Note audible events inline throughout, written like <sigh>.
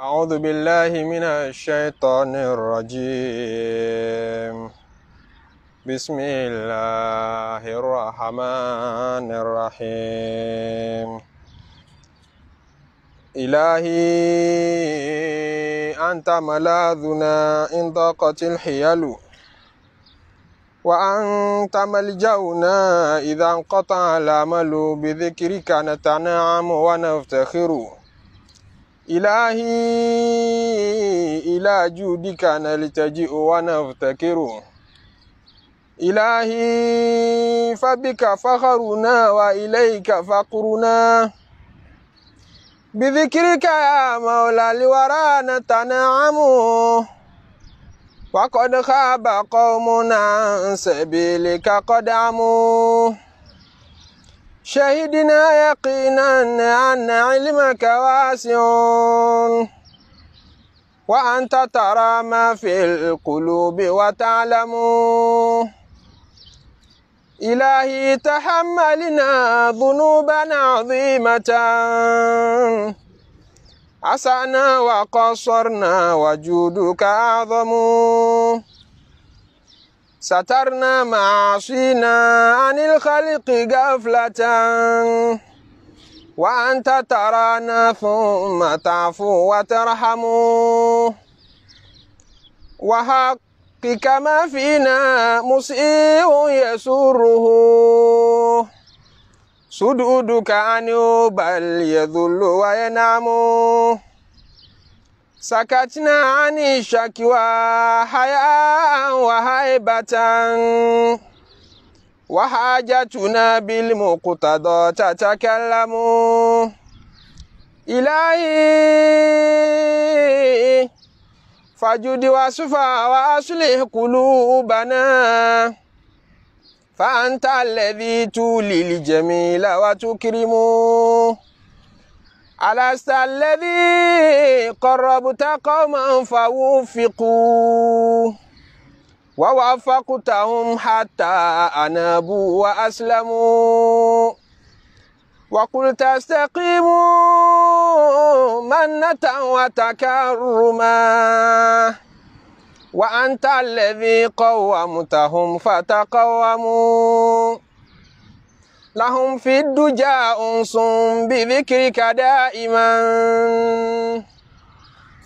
أعوذ بالله من الشيطان الرجيم بسم الله الرحمن الرحيم إلهي أنت ملاذنا إن ضاقت الحيل وأنت ملجأنا إذا انقطع الأمل بذكرك نتنعم ونفتخر إلهي إلى جودك نلتجئ ونفتكر إلهي فبك فخرنا وإليك فقرنا بذكرك يا مولى الورى نتنعم وقد خاب قومنا عن سبيلك قد عموا شهدنا يقينا أن علمك واسع وأنت ترى ما في القلوب وتعلم إلهي تحملنا ذنوبا عظيمة عسانا وقصرنا وجودك أعظم سترنا معاصينا عن الخلق غفلة وأنت ترانا ثم تعفو وترحم وحقك ما فينا مسيء يسره سدودك أن بل يذل وينعم سكتنا عن الشكوى حياء وهيبة وحاجتنا بالمقتضى تتكلم إلهي فجد وصفا وأصلح قلوبنا فأنت الذي تولي الجميل وتكرمه ألست الذي قربت قوما فوفقوا ووافقتهم حتى أنابوا وأسلموا وقلت استقيموا منة وتكرما وأنت الذي قومتهم فتقوموا لهم في الدجى أنص بذكرك دائما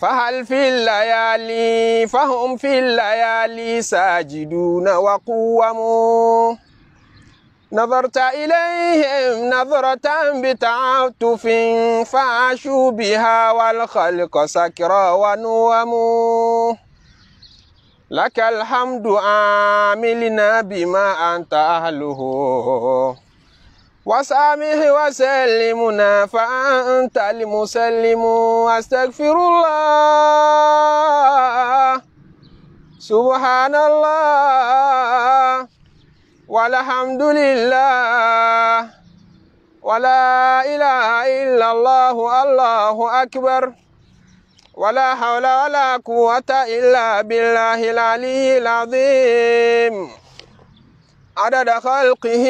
فهل في الليالي فهم في الليالي ساجدون وقوموا نظرت إليهم نظرة بتعاطف فعشوا بها والخلق سكرى ونوموا لك الحمد عاملنا بما أنت أهله وسامح وسلمنا فأنت المسلم أستغفر الله سبحان الله والحمد لله ولا إله إلا الله الله أكبر ولا حول ولا قوة إلا بالله العلي العظيم عدد خلقه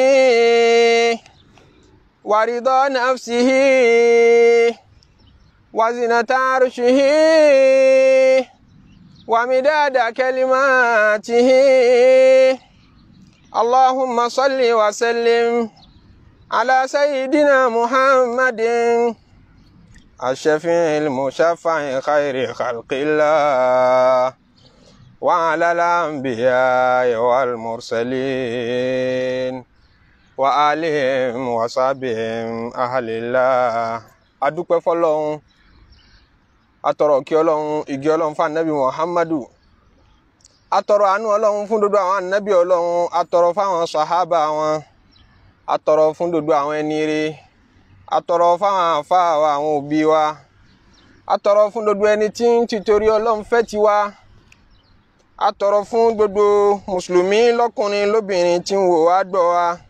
ورضا نفسه وزنة عرشه ومداد كلماته اللهم صل وسلم على سيدنا محمد الشفيع المشفع خير خلق الله وعلى الأنبياء والمرسلين Wa وآلهم wa أهل الله adúpẹ́ fọlọ́run atọ̀rọ̀ kí ọlọ́run ìgé ọlọ́run fún anabi muhammadu atọ̀rọ̀ àánú ọlọ́run fún dodo àwọn anabi ọlọ́run atọ̀rọ̀ fáwọn sàhábà wọn atọ̀rọ̀ fún dodo àwọn ẹni rè atọ̀rọ̀ fáwọn àfáà wa àwọn òbí wa atọ̀rọ̀ fún dodo ẹni tí ń tìtorí ọlọ́run fẹ́ tiwa atọ̀rọ̀ fún gbogbo mùsùlùmí lọ́kùnrin lóbìnrin tí ń wò wá gbọ́ wa. Adbawa.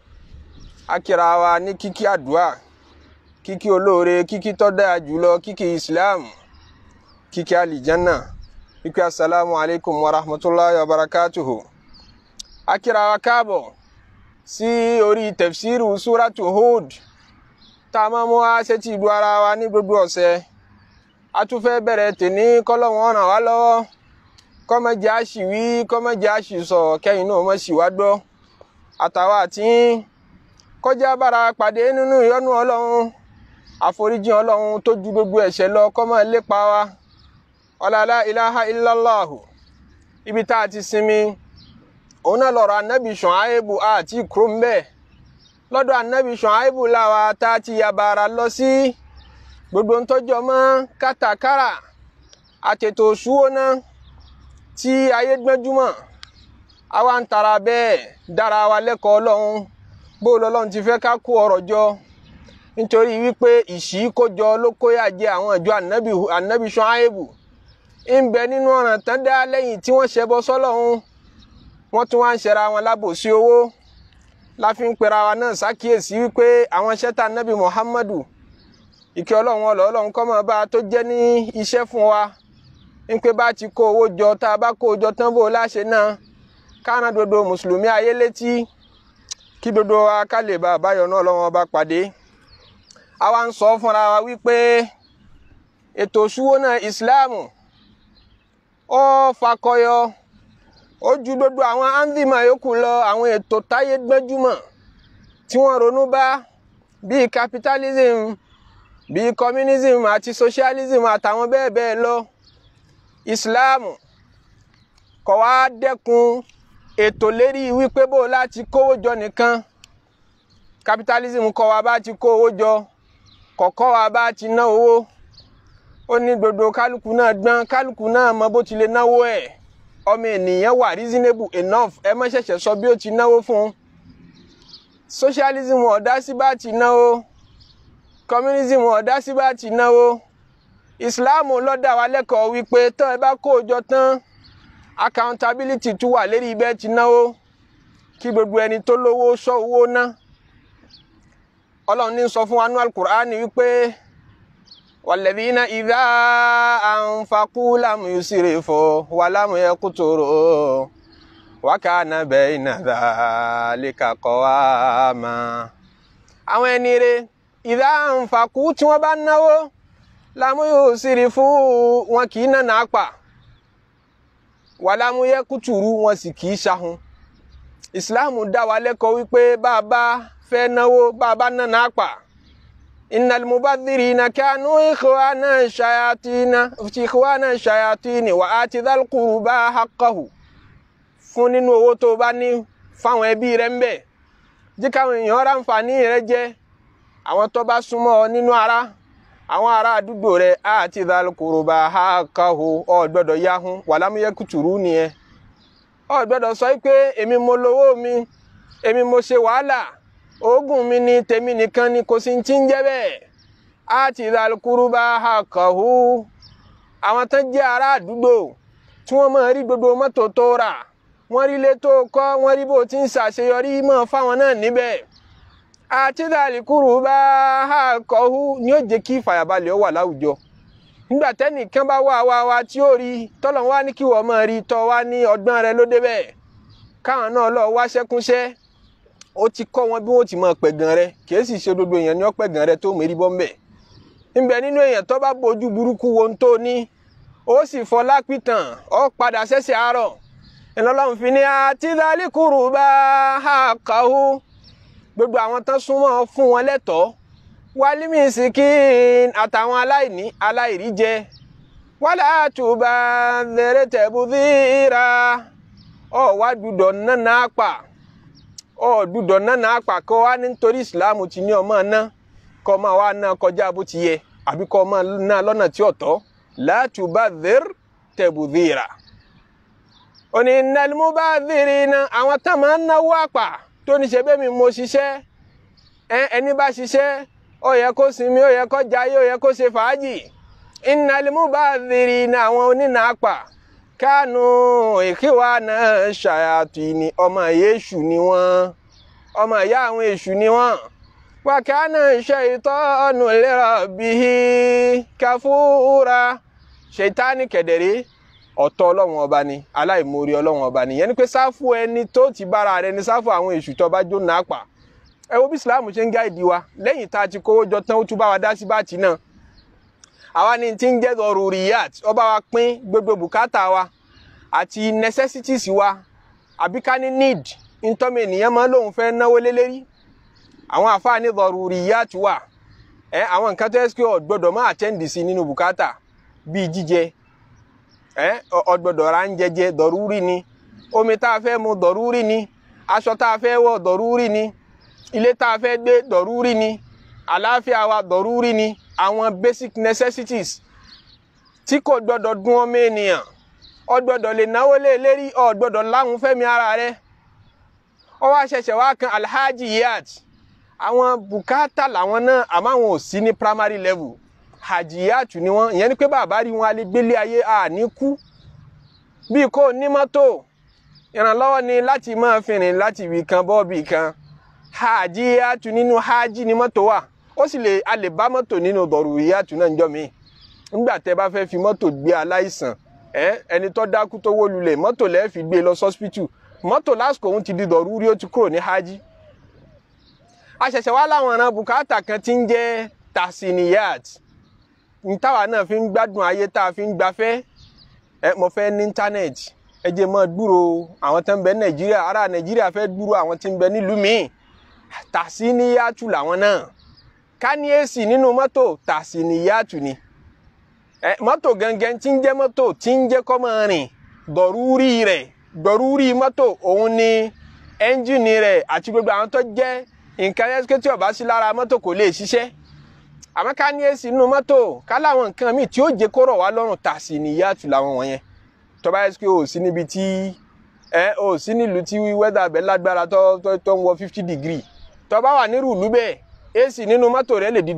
Akira kíra wa ní kíkí àdúà kíkí olóore kíkí tó dáa kíkí islam kíkí alìjánà kíkí asalaamu alaykum wa rahmatulahi wa barakatuhu a kíra wa káàbọ̀ sí orí tafsiru suratu hud tá a máa mú wá sétí ìlú ara wa ní gbogbo ọ̀sẹ̀ a tún fẹ́ bẹ̀rẹ̀ tèmi kọ́lọ́wọ́n ràn wá lọ́wọ́ kọ́mọ̀jẹ́ àṣìwí kọ́mọ̀jẹ́ àṣìsọ kẹ́yìn náà mọ̀ sí wá gbọ́ àtàwọn àti kọjá bára pàdé nínú ìyọ́nú ọlọ́run àforíjì ọlọ́run tó ju gbogbo ẹ̀ṣẹ̀ lọ kó máa lépa wa ọlọ́lá ilaha illallahu ibi tá a ti sinmi òun náà lọ́rọ̀ anábì Ṣuaibu àti kúrò ń bẹ́ẹ̀ lọ́dọ̀ anábì Ṣuaibu tá a ti ya bàrà lọ sí gbogbo ń tọ́jọ́ mọ́ kátàkárà àtètò òṣùwọ́nà tí ayé gbẹ́júmọ̀ àwa ń tara bẹ́ẹ̀ dára wa lẹ́kọ̀ọ́ ọlọ́run bó lọ́lọ́run ti fẹ́ ká kó ọ̀rọ̀ jọ nítorí wípé ìṣí kójọ ló kóyà jẹ àwọn ìjọ ànábì Ṣuaibu ń bẹ nínú ọ̀ràn tán dá lẹ́yìn tí wọ́n ṣẹbọ sọ́lọ́run wọ́n tún wá ń ṣẹra wọn lábòsí owó láfi pera wa náà ṣàkíyèsí wípé àwọn ṣẹ́tà ànábì Muhammadu ìkẹ́ ọlọ́run ọlọ́run kọ́ mọ́ bá a tó jẹ́ ní iṣẹ́ fún wa ńpé bá ti kó owó jọ tá a bá kó o jọ tán bó o láṣẹ náà káàná dodo mùsùlùmí ayé létí kí gbogbo wa ká lè bá àbáyọ náà lọ́wọ́n bá pàdé a wá ń sọ fúnra wa wípé ètò ìṣúwó náà ìsìláàmù ó fakọyọ ó ju gbogbo àwọn anvima yòókù lọ àwọn ètò táyé gbẹ́júmọ̀ tí wọ́n ronú bá bíi capitalism bíi communism àti socialism àtàwọn bẹ́ẹ̀ bẹ́ẹ̀ lọ ìsìláàmù kọ̀ wá dẹ́kun ètò lérí wípé bó láti kówó jọ nìkan capitalism kọ́ wa bá ti kó owó jọ kọ̀kọ́ wa bá ti ná owó ó ní gbogbo kálukú náà gbọ́n kálukú náà mọ bó ti lè náwó ẹ̀ ọmọ ènìyàn wà reasonable enough ẹ má ṣẹ̀ṣẹ̀ sọ bí ó ti náwó fún un socialism ọ̀dá sí bá ti náwó communism ọ̀dá sí bá ti náwó islam lọ́dà wa lẹ́kọ̀ọ́ wípé tán ẹ bá kó o jọ tán accountability tún wà lérí bẹ́ẹ̀ ti náwó kí gbogbo ẹni tó lówó sọ owó ná ọlọ́run ní sọ fún wa ní alukur'ani wípé iná, ìdá àǹfàkú lámù yusire fọ wà lámù yẹ kútòrò wákàánà bẹ́ẹ̀ kọ́ mà. àwọn ẹni rẹ ìdá àǹfàkú tí wọ́n bá náwó lámù wọn kì í wàlámúyẹ́ kùtùrú wọn sì kì í ṣahun ìsìláàmù dá wa lẹ́kọ̀ọ́ wípé bá a bá fẹ́ náwó bá a bá nànà àpà innalmubadirina kanu ikhwana shayatina ikhwana shayatini wa ati dhalquruba haqqahu fún nínú owó tó bá ní fáwọn ẹbí rẹ ń bẹ jí èèyàn ra àǹfààní rẹ àwọn tó bá súnmọ́ ọ nínú ara àwọn ará àdúgbò rẹ àti ìdálùkùrùbà àkàhò ọ̀gbọ́dọ̀ yahun wàlámúyẹ kùtùrú nìyẹn ọ̀gbọ́dọ̀ sọ pé èmi mo lówó mi èmi mo ṣe wàhálà oògùn mi ni tèmi nìkan ni kò sí ti ń jẹ́ bẹ́ẹ̀ àti ìdálùkùrùbà àkàhò àwọn tán jẹ́ ará àdúgbò tí wọn máa rí gbogbo mọ́tò tó rà Wọn rí ilé tó kọ́ wọn rí bó ti ń ṣàṣeyọrí máa fáwọn náà níbẹ̀ àtìdálìkúrú bá a kọ́ hu ni ó jẹ́ kí ìfàyàbalẹ̀ ó wà láwùjọ nígbà tẹ́nìkan bá wá wá wá tí ó rí tọ́lọ̀ wá ní kí wọ́n mọ̀ rí tọ́ wá ní ọgbọ́n rẹ ló débẹ̀ káwọn náà lọ wá ṣẹ́kúnṣẹ́ ó ti kọ́ wọn bí wọ́n ti mọ̀ pẹ̀gàn rẹ kìí sì ṣe gbogbo èèyàn ní ó pẹ̀gàn rẹ tó mérí bọ́m̀bẹ̀ níbẹ̀ nínú èèyàn tó bá bójú burúkú wo ń tó ní ó sì fọ lápìtàn ó padà ṣẹ̀ṣẹ̀ àárọ̀ ìlọ́lọ́run fi ní àtìdálìkúrú bá a kàó gbogbo àwọn tán súnmọ́ fún wọn lẹ́tọ̀ọ́ wálímì sikin àtàwọn aláìní aláìríjẹ wálé àtúbà lèrè tẹ̀bùdíra ọ wá dùdọ̀ nánà àpà ọ dùdọ̀ nánà àpà kọ́ wá nítorí ìsìláàmù ti ní ọmọ náà kọ́ máa wá náà kọjá bó ti yẹ àbí kọ́ máa náà lọ́nà tí ọ̀tọ̀ látúbà lèrè tẹ̀bùdíra. òní nàlmúbà dìrì náà àwọn tá máa ń náwó àpà. tó ní ṣe bẹ́ẹ̀ mi mo ṣiṣẹ́ ẹni bá ṣiṣẹ́ ó yẹ kó sinmi ó yẹ kó jayé ó yẹ kó ṣe fàájì ìnàlímù bá rírì ní àwọn onínàápà kánú ìkíwá náà ṣàyàtì ní ọmọ ìyá èṣù ni wọ́n ọmọ ìyá àwọn èṣù ni wọ́n kàfúrà ọ̀tọ̀ ọlọ́run ọba ni aláìmoore ọlọ́run ọba ni yẹn ni pé ẹni tó ti bára rẹ ni àwọn èṣù tó bá jóná àpà ẹ bí ṣe wa lẹ́yìn tá ti kówó jọ tán ó tún bá wa dá sí ti náà àwa ni ti ń jẹ́ gbogbo bùkátà wa àti necessities wa àbí ní need ntọ́mi ènìyàn máa lóun Ọgbọdọ eh, ra ń jẹjẹ dọ̀rúrí ni omi tá a fẹ́ mu dọ̀rúrí ni aṣọ tá a fẹ́ wọ̀ dọ̀rúrí ni ilé tá a fẹ́ gbé dọ̀rúrí ni àlàáfíà wa dọ̀rúrí ni àwọn basic necessities tí kò gbọ́dọ̀ dùn ọmọ ènìyàn ọ gbọ́dọ̀ lè náwó lé e lérí ọ gbọ́dọ̀ láwọn fẹ́mi ara rẹ ọ wá ṣẹ̀ṣẹ̀ wá kan alhaji yíyàt àwọn bukata làwọn náà àmọ́ àwọn ò sí ní primary level hajiyatu ni wọn ìyẹn ni pé bàbá rí wọn a lè gbélé ayé àní kú bí kò ní mọ́tò ìrànlọ́wọ́ ni láti máa fìrìn láti ibì kan bọ́ọ̀bì kan hajiyatu nínú haji ni mọ́tò wà ó sì lè a lè bá mọ́tò nínú dọ̀rùyàtù náà níjọ́ mi nígbà tẹ́ bá fẹ́ fi mọ́tò gbé aláìsàn ẹni tó dákú tó wó lulẹ̀ mọ́tò lẹ́ẹ̀ fi gbé lọ sọ́spítù mọ́tò lásìkò òun ti di dọ̀rúurí ó ti kúrò ní haji a ṣẹ̀ṣẹ̀ wá láwọn ọ̀ràn bùkátà kan ti ń jẹ́ tasiniyat ní táwa náà fi ń gbádùn ayé tá a fi ń gbafẹ́ ẹ mo fẹ́ ní íńtánẹ́ẹ̀tì ẹ jẹ́ mọ́ dúró àwọn tó ń bẹ nàìjíríà ará nàìjíríà fẹ́ dúró àwọn tí ń bẹ nílùú míì tàṣíníyàtù làwọn náà ká ní èsì nínú mọ́tò tàṣíníyàtù ni ẹ mọ́tò gangan tí ń jẹ́ mọ́tò tí ń jẹ́ kọ́mọ rìn dọ̀rúurì rẹ̀ dọ̀rúurì mọ́tò òun ni ẹ́ńjìnì rẹ̀ àti gbogbo àwọn tó jẹ́ nǹkan ẹ́sìkẹ́tì ọ̀bá sí lára mọ́tò kò lè ṣiṣẹ́ àmọ́ ká ní èsì nínú mọ́tò ká láwọn nǹkan míì tí ó jẹ́ kó rọ̀ wá lọ́rùn tà sí o sí níbi tí ẹ o sí nílùú tí wẹ́dà bẹ́ẹ̀ lágbára tó tó tó ń wọ fifty degree tó bá wà nírú ìlú bẹ́ẹ̀ èsì nínú mọ́tò rẹ ni bí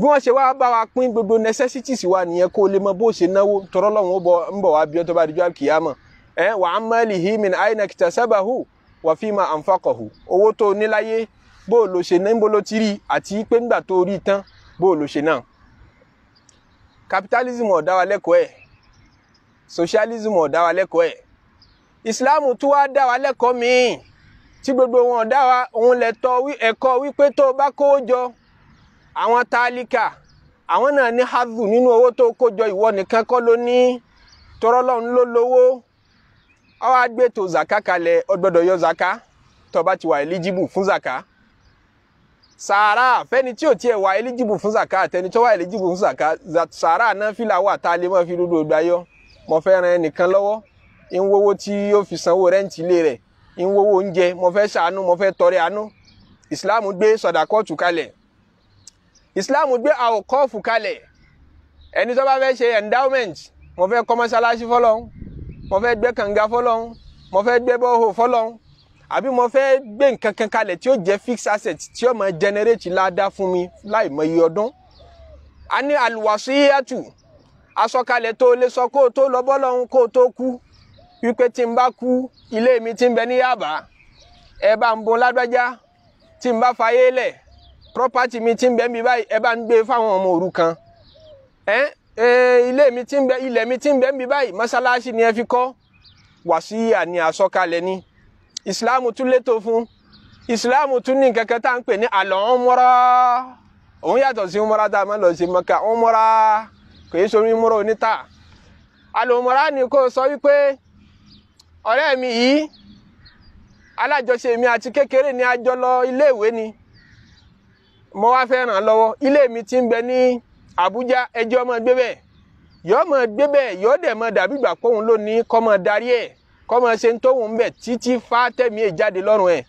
wọ́n ṣe wá bá gbogbo necessities wa nìyẹn kó lè mọ bó tọrọ lọ́wọ́ wàfíìmà ànfàkọ̀hù owó tó o ní láyé bó o lò ṣe náà níbo ló ti rí àti pé ńgbà tó o rí tán bó o lò ṣe náà. capitalism ò dá wa lẹ́kọ̀ọ́ ẹ̀ socialism ò dá wa lẹ́kọ̀ọ́ ẹ̀ islam tó wá dá wa lẹ́kọ̀ọ́ míì tí gbogbo wọn ò wa òun lè ẹ̀kọ́ wípé tó o bá kówó jọ àwọn tálíkà àwọn náà ní hazu nínú owó tó kó jọ ìwọ nìkan kọ́ ló ní tọrọlọ́run ló lówó Awa wá to zaka kalẹ̀ ó gbọ́dọ̀ yọ zaka tó bá ti wà eligible fún zaka sàárà fẹ́ni tí ò tiẹ̀ wà eligible fún zaka àtẹni tó wà eligible fún zaka sàárà náà fìlà wà tá a lè mọ́ fi dúdú ọgbà yọ mo fẹ́ ran ẹnìkan lọ́wọ́ ń wówó tí yóò fi sanwó rẹ́ǹtì ilé rẹ̀ ń wówó oúnjẹ mo fẹ́ ṣàánú mo fẹ́ tọrẹ àánú Islam gbé sọ̀dàkọ́ọ̀tù kalẹ̀ Islam gbé àwòkọ́ọ̀fù kalẹ̀ ẹni tó bá fẹ́ ṣe endowment mo fẹ́ kọ́ mọ́ṣáláṣí mo fẹ́ gbẹ́ kànga fọlọ́hún mo fẹ́ gbẹ́ bọ́ọ̀hò fọlọ́hún àbí mo fẹ́ gbé nǹkan kan kalẹ̀ tí ó jẹ́ fixed asset tí ó máa generate ládàá fún mi láì mọ iye ọdún. a ní àlùwàsíyàtù asọ̀kalẹ̀ tó lè sọ kó o tó lọ bọ́lọ́hún kó o tó kú wípé tí n bá kú ilé mi ti ń bẹ ní Yaba ẹ bá ń bon lágbájá tí n bá fayé lẹ̀ property mi ti ń bẹ níbi báyìí ẹ bá ń gbé fáwọn ọmọ òrukàn ẹ ilé mi ti ń bẹ ilẹ̀ mi ti ń bẹ ń bí báyìí mọ́ṣáláṣí ni ẹ fi kọ́ wàsíyà ni ni tún létò fún ìsìláàmù tún ní nǹkan tá à ń pè ní àlọ́ ọmọrá òun yàtọ̀ sí a lọ sí maka ọmọrá kò yẹ sórí ọmọrá oníta ni mi yìí alájọṣe mi àti kékeré ni a jọ lọ ni mo wá fẹ́ ràn mi ti ń Abuja ẹjọ́ ọmọ gbé bẹ́ẹ̀ yọ́ọ́ mọ̀ gbé bẹ́ẹ̀ yọ́ọ́ dẹ̀ mọ̀ dàbí ìgbà pọ́hùn lónìí kọ́ darí ẹ̀ ṣe ń tóhùn ń bẹ̀ títí fá tẹ̀mí ẹ̀ jáde lọ́rùn ẹ̀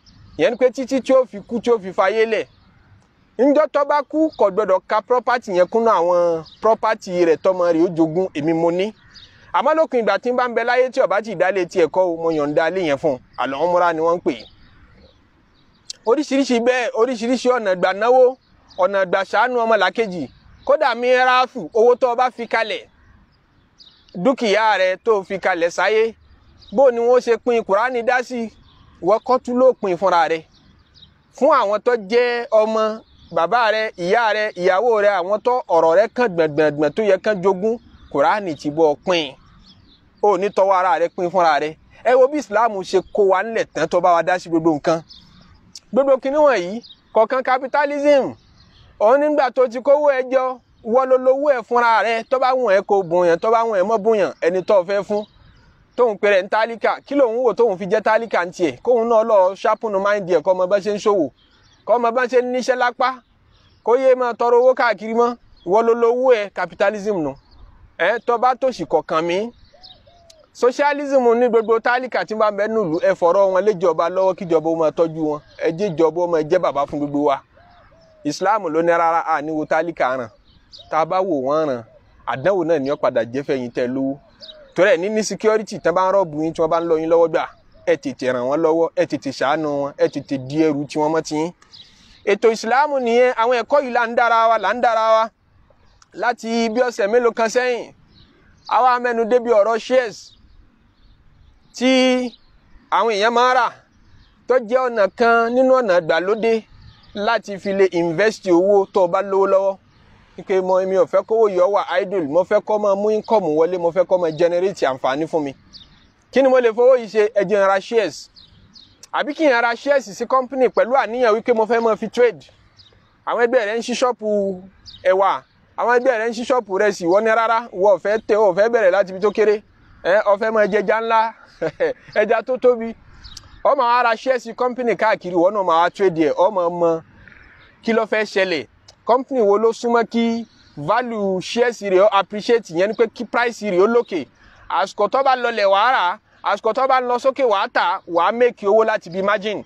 yẹn ni títí tí ó fi kú tí ó fi ka property yẹn àwọn property rẹ̀ tọmọ rẹ̀ èmi mo ní àmọ́ lókun ìgbà tí ń bá ń bẹ láyé tí ọba fún un àlọ́ ni wọ́n ń pè é oríṣiríṣi bẹ́ẹ̀ oríṣiríṣi ọ̀nà ìgbà náwó ọ̀nà ìgbà ṣàánú kódà mìíràfù owó tó o bá fi kalẹ̀ dúkìá rẹ tó o fi kalẹ̀ sáyé bó ni wọ́n ṣe pín kùránì dá sí wọ́n kọ́ tún ló pín fúnra rẹ fún àwọn tó jẹ́ ọmọ bàbá rẹ ìyá rẹ ìyàwó rẹ àwọn tó ọ̀rọ̀ rẹ kàn gbẹ̀ngbẹ̀ngbẹ̀n tó yẹ kàn jogún kùránì ti bọ́ pín o ní tọwọ́ ara rẹ pín fúnra rẹ ẹ wo bí islam ṣe kó wa nílẹ̀ tán tó bá wa dá sí gbogbo nǹkan gbogbo kinní wọ̀nyí kọ̀ọ̀kan capitalism òun nígbà tó ti kówó ẹ jọ wọ́n ló lówó ẹ fúnra rẹ tó bá wùn ẹ kó bùnyàn tó bá wùn ẹ mọ́ bùnyàn ẹni tó fẹ́ fún tóun pèrè ń tálíkà kí lòun wò tóun fi jẹ́ tálíkà ń tiẹ̀ kóun náà lọ ṣàpùnú máìndì ẹ̀ kọ́ ọmọ bá ṣe ń ṣòwò kọ́ ọmọ bá ṣe ń níṣẹ́ lápá kó yé máa tọrọ owó káàkiri mọ́ wọ́n ló lówó ẹ capitalism nù ẹ tó bá tòṣì kọ̀ọ̀kan mi socialism ní gbogbo tálíkà tí wọ́n bá mẹ́nu lù ẹ fọ̀rọ̀ wọn léjọba lọ́wọ́ kíjọba ó máa tọ́jú wọn ẹ jẹ́ ìjọba ó máa bàbá fún gbogbo wa islam ló ní rárá a ní wo tálíkà ràn tá a bá wò wọ́n ràn àdánwò náà ni ó padà jẹ́ fẹ̀yìn tẹ lówó torí ẹ̀ ní security tán bá ń rọ́ọ̀bù yín tí wọ́n bá ń lọ yín lọ́wọ́ gbà ẹ tètè ràn wọ́n lọ́wọ́ ẹ tètè ṣàánú wọn ẹ tètè di ẹrù tí wọ́n mọ́ ti yín ètò ìsìláàmù nìyẹn àwọn ẹ̀kọ́ yìí là ń dára wa là ń dára wa láti bí ọ̀sẹ̀ mélòó kan sẹ́yìn àwa amẹ́nu débi ọ̀rọ̀ shares tí àwọn èèyàn máa rà tó jẹ́ ọ̀nà kan nínú ọ̀nà ìgbàlódé láti fi lè invest owó tó o bá lówó lọ́wọ́ pé mo mi ò fẹ́ kówó yọ wà idle mo fẹ́ kó máa mú income wọlé mo fẹ́ kó máa generate àǹfààní fún mi kí ni mo lè fowó yìí ṣe ẹ jẹ́ n ra shares àbí kí n ra shares sí company pẹ̀lú àníyàn wípé mo fẹ́ máa fi trade àwọn ẹgbẹ́ rẹ ń ṣí ṣọ́ọ̀pù ẹ̀wà àwọn ẹgbẹ́ rẹ ń ṣí ṣọ́ọ̀pù rẹ sì wọ́n ní rárá wọ́n fẹ́ tẹ ọ́ bẹ̀rẹ̀ láti ibi tó kéré ẹ ọ fẹ́ máa ńlá <laughs> ẹja tó tóbi ọmọ ara ṣẹ́ẹ̀sì kọ́mpìnì káàkiri wọn náà máa trédì ẹ̀ ọmọ ọmọ kí ló fẹ́ ṣẹlẹ̀ kọ́mpìnì wo ló súnmọ́ kí value ṣẹ́ẹ̀sì rẹ̀ ó appreciate yẹn ni pé kí price rẹ̀ ó lókè àsìkò tó bá lọlẹ̀ wàá rà àsìkò tó bá lọ sókè wàá tà wàá make owó láti bí margin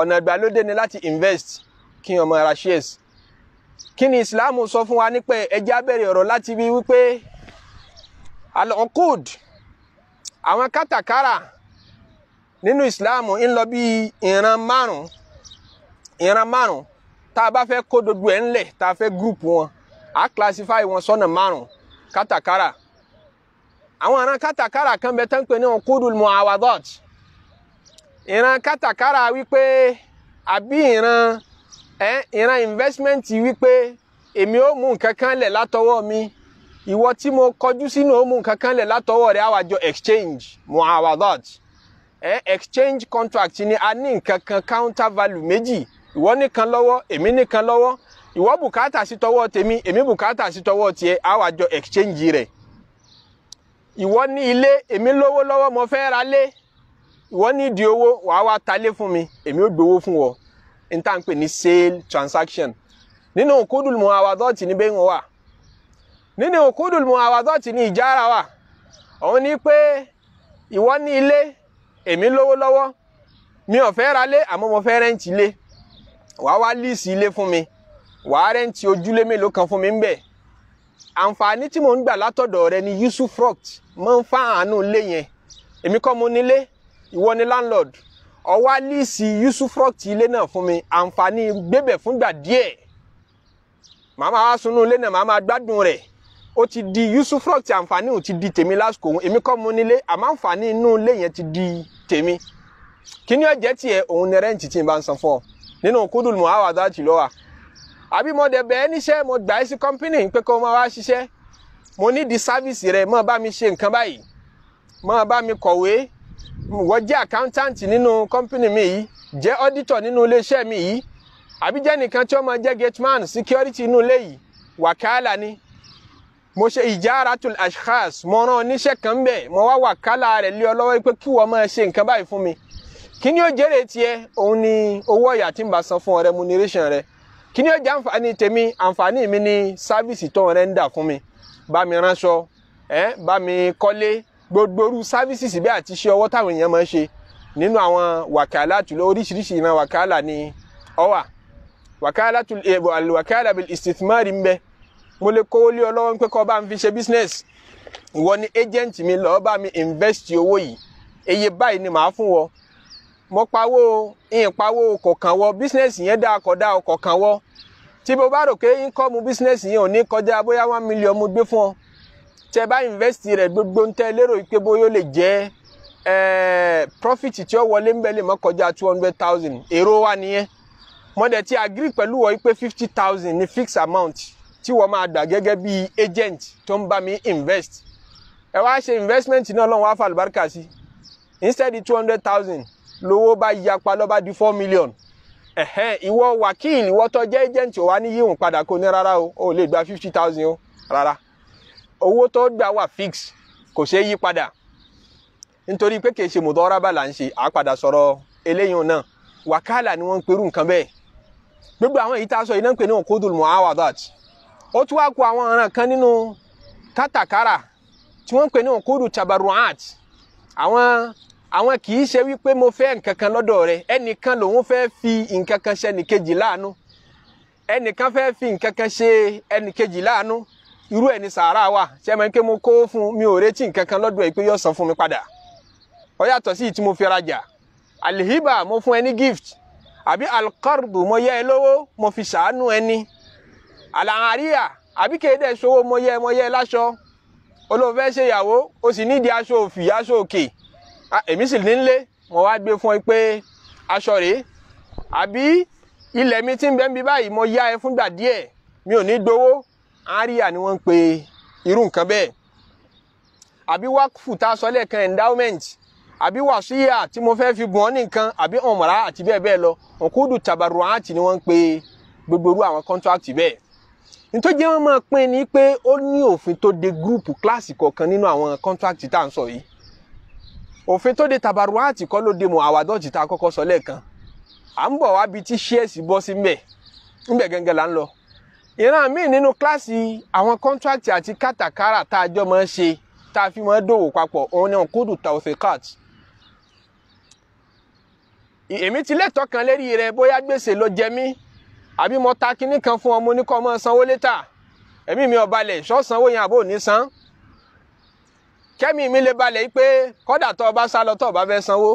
ọ̀nà ìgbàlódé ni láti invest kí ọmọ ara ṣẹ́ẹ̀sì kí ni Islam sọ fún wa nípa ẹjẹ́ abẹ́rẹ́ ọ̀rọ̀ láti bí wípé alọ́kùd àwọn kátàkárà nínú ìsìláàmù ń lọ bí ìran márùn ìran márùn tá a bá fẹ́ kó dodo ẹ̀ ńlẹ̀ tá a fẹ́ gúrùpù wọn a classify wọn sọ́nà márùn kátàkárà àwọn ìran kátàkárà kan bẹ tán pé ní wọn kúrú muawadot ìran kátàkárà wípé àbí ìran ẹ ìran investment wípé èmi ó mú nǹkan kan lẹ̀ látọwọ́ mi ìwọ tí mo kọjú sínú ó mú nǹkan kan lẹ̀ látọwọ́ rẹ̀ àwàjọ exchange muawadot eh, exchange contract ni a ní nǹkan kan counter value méjì ìwọ nìkan lọ́wọ́ èmi nìkan lọ́wọ́ ìwọ bùkátà sí tọwọ́ tèmi èmi bùkátà sí tọwọ́ tiẹ̀ á wá jọ exchange rẹ̀ ìwọ ní ilé èmi lówó lọ́wọ́ mo fẹ́ ra lé ìwọ ní ìdí owó wàá wá talé fún mi èmi ò gbowó fún ọ n tá n pè ní sale transaction nínú òkúdùl muawadọ́ọ̀tì ní bẹ́ẹ̀ wọ́n wà nínú òkúdùl muawadọ́ọ̀tì ní ìjára wà òun ní pé ìwọ ní ilé èmi lówó lọ́wọ́ mi ò fẹ́ ra lé àmọ́ mo fẹ́ rẹ́ǹtì lé wàá wá líìsì ilé fún mi wàá rẹ́ǹtì ojúlé mélòó kan fún mi ń bẹ̀ àǹfààní tí mò ń gbà látọ̀dọ̀ rẹ ni yusuf rock mo ń fa àánú ilé yẹn èmi kọ́ mo nílé ìwọ ni landlord ó wá líìsì yusuf rock ti ilé náà fún mi àǹfààní gbébẹ̀ fúngbà díẹ̀ màá máa wá sunú ilé náà màá máa gbádùn rẹ̀ ó ti di usufruct ti àǹfààní ò ti di tèmi lásìkò òun èmi kọ́ mo nílé àmọ́ àǹfààní inú ilé yẹn ti di tèmi kí ni ó jẹ́ tiẹ̀ òun ni rẹ́ǹtì tí n bá ń san fún ọ nínú kúndùn mọ́ àwọn àdá tì lọ́wọ́ àbí mo dẹ̀ bẹ́ẹ̀ níṣẹ́ mo gbà ẹ́ sí kọ́mpínì pé kó máa wá ṣiṣẹ́ mo ní di sáfìsì rẹ máa bá mi ṣe nǹkan báyìí máa bá mi kọ̀wé wọ́n jẹ́ àkáńtáǹtì nínú kọ́mpínì mi yìí jẹ́ ọ́dítọ̀ nínú iléeṣẹ́ mi yìí àbí jẹ́ nìkan tí ó máa jẹ́ gateman security inú ilé yìí wàkálà ni mo ṣe ìjáratul ashkhas mo rán oníṣẹ́ kan bẹ̀ mo wá wàkálà rẹ̀ lé ọ lọ́wọ́ pé kí wọ́n máa ṣe nǹkan báyìí fún mi kí ni ó jèrè tiẹ̀ òun ni owó ọ̀yà tí ń bá san fún ọ remuneration rẹ kí ni ó jẹ́ àǹfààní tèmi àǹfààní mi ni sáfìsì tó rẹ ń dà fún mi bá mi ránṣọ ẹ bá mi kọ́lé gbogbo irú sáfìsì síbẹ̀ àti iṣẹ́ ọwọ́ táwọn èèyàn máa ń ṣe nínú àwọn wàkálà tùlọ oríṣiríṣi ìran wàkálà ni ọ wà wàkálà tùlọ eh, wàkálà bil istithmar ń bẹ́ẹ̀ mo lè kówó lé ọ lọ́wọ́ pé kó bá mi fi ṣe business ìwọ ni agent mi lọ́ọ́ bá mi invest owó yìí eye báyìí ni màá fún wọ mo pawó ìyìn pawó kọ̀ọ̀kan wọ business yẹn dáa kọ̀ dáa kọ̀ọ̀kan wọ tí mo bá rò pé income business yẹn ò ní kọjá bóyá one million mo gbé fún ọ tẹ bá invest rẹ gbogbo ń tẹ lérò pé bóyá ó lè jẹ eh, profit tí ó wọlé ń bẹ lè má kọjá two hundred thousand èrò wa nìyẹn mo dẹ̀ ti agree pẹ̀lú wọ pé fifty thousand ni fixed amount tí wọ́n máa dà gẹ́gẹ́ bí agent tó ń bá mi invest ẹ wá ṣe investment náà lọ́wọ́ wá fàlùbáríkà sí instead of two hundred thousand lówó bá yapa ló bá di four million ẹ̀hẹ́n ìwọ wákìl ìwọ tó jẹ́ agent ò wá ní yíwùn padà kò ní rárá o ò lè gba fifty thousand o rárá owó tó gbà wà fix kò ṣeé yí padà nítorí pé kì í ṣe mùdọ́rábà là ń ṣe àpàdà sọ̀rọ̀ eléyìí náà wàkálà ni wọ́n ń perú nǹkan bẹ́ẹ̀ gbogbo àwọn èyí tá a sọ yìí náà ń pè ní òkúdùl muawadat ó tún wá kó àwọn ọ̀ràn kan nínú kátàkárà tí wọ́n ń pè ní òkúrú tabaruat àwọn àwọn kì í ṣe wípé mo fẹ́ nǹkan kan lọ́dọ̀ rẹ ẹnìkan lòun fẹ́ fi nǹkan kan ṣe ẹnìkejì láàánú ẹnìkan fẹ́ fi nǹkan kan ṣe ẹnìkejì láàánú irú ẹ̀ ní sàárà wà ṣe mọ̀ pé mo kó fún mi ò retí nǹkan kan lọ́dọ̀ ẹ̀ pé yóò san fún mi padà ọ yàtọ̀ sí ìtí mo fi rajà alihiba mo fún ẹ ní gift àbí alqardu mo yá ẹ lówó mo fi ṣàánú ẹni àlàáríà àbí kéde ṣòwò mọyẹ mọyẹ láṣọ olóòfẹ́ ṣèyàwó o sì nídìí aṣọ òfì aṣọ òkè èmi sì nílé mo wá gbé fún ẹ pé aṣọ rèé àbí ilẹ̀ mi ti ń bẹ́ ń bí báyìí mo yá ẹ fúngbà díẹ̀ mi ò ní gbowó àríyá ni wọ́n ń pe irú nǹkan bẹ́ẹ̀ àbí wákùfù tá a endowment àbí wàsíyà tí mo fẹ́ fi bùn ọ́ nìkan àbí ọ̀mọ̀rá àti bẹ́ẹ̀ bẹ́ẹ̀ lọ òkúdù tàbàrù àti ni wọ́n ń pe gbogbo irú àwọn contract bẹ́ẹ̀ nítorí jẹ́ wọ́n máa pín ni pé ó ní òfin tó de gúrùpù kíláàsì kọ̀ọ̀kan nínú àwọn kọ́ńtrákìtì tá à ń sọ yìí òfin tó de tabaruwaati kọ́ ló de mọ̀ àwàdọ́ọ̀tì tá a kọ́kọ́ sọ lẹ́ẹ̀kan à ń bọ̀ wábi tí ṣíẹ́sì bọ́ sí mbẹ̀ ńbẹ̀ gẹ́gẹ́ là ń lọ ìran míì nínú kíláàsì àwọn kọ́ńtrákìtì àti kátàkárà tá a jọ máa ń ṣe tá a fi máa ń dòwò papọ̀ òun ni òǹkódù tàwọ̀fẹ̀kàt èmi ti lẹ́tọ̀ọ́ kan lérí rẹ bóyá gbèsè ló jẹ mí àbí mo ta kinní kan fún ọ mo ní kọ́ ọmọ sanwó létà ẹ̀mí mi ò balẹ̀ ṣọ́ sanwó yẹn àbò ní san kẹ́mi mi lè balẹ̀ yìí pé kọ́dà tó o bá sá lọ tó o bá fẹ́ sanwó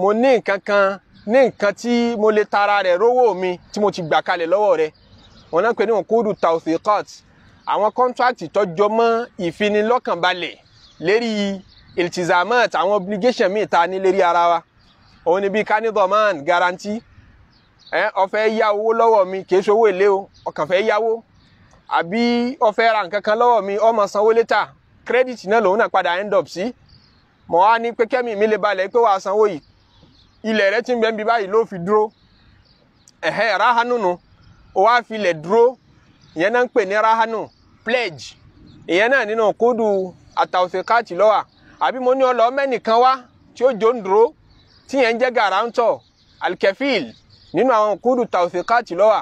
mo ní nǹkan kan ní nǹkan tí mo lè tara rẹ̀ rówó mi tí mo ti gbà kalẹ̀ lọ́wọ́ rẹ̀ wọn náà pè ní òkúdù tawthiqat àwọn kọ́ńtrákìtì tó mọ́ ìfinilọ́kànbalẹ̀ lérí iltizamat àwọn obligation mi ta ní lérí ara wa òun ni bíi kanidoman guarantee ẹ ọfẹ fẹ́ yá owó lọ́wọ́ mi kì í ṣowó èlé o ó kàn fẹ́ àbí ó ra nǹkan kan mi ó sanwó létà kírẹ́dìtì náà lòun náà padà end up sí mọ̀ á ní pé mi lè balẹ̀ pé wàá sanwó yìí ti ń bẹ́ẹ̀ bí báyìí ló fi dúró ẹ̀hẹ́ rahanunu wá dúró ìyẹn náà ń pè ní rahanu pledge ìyẹn náà nínú káàtì lọ́wà àbí mo ní ọlọ́mẹ́nìkan wá tí nínú àwọn kúdù tàwfíkàtì lọ́wà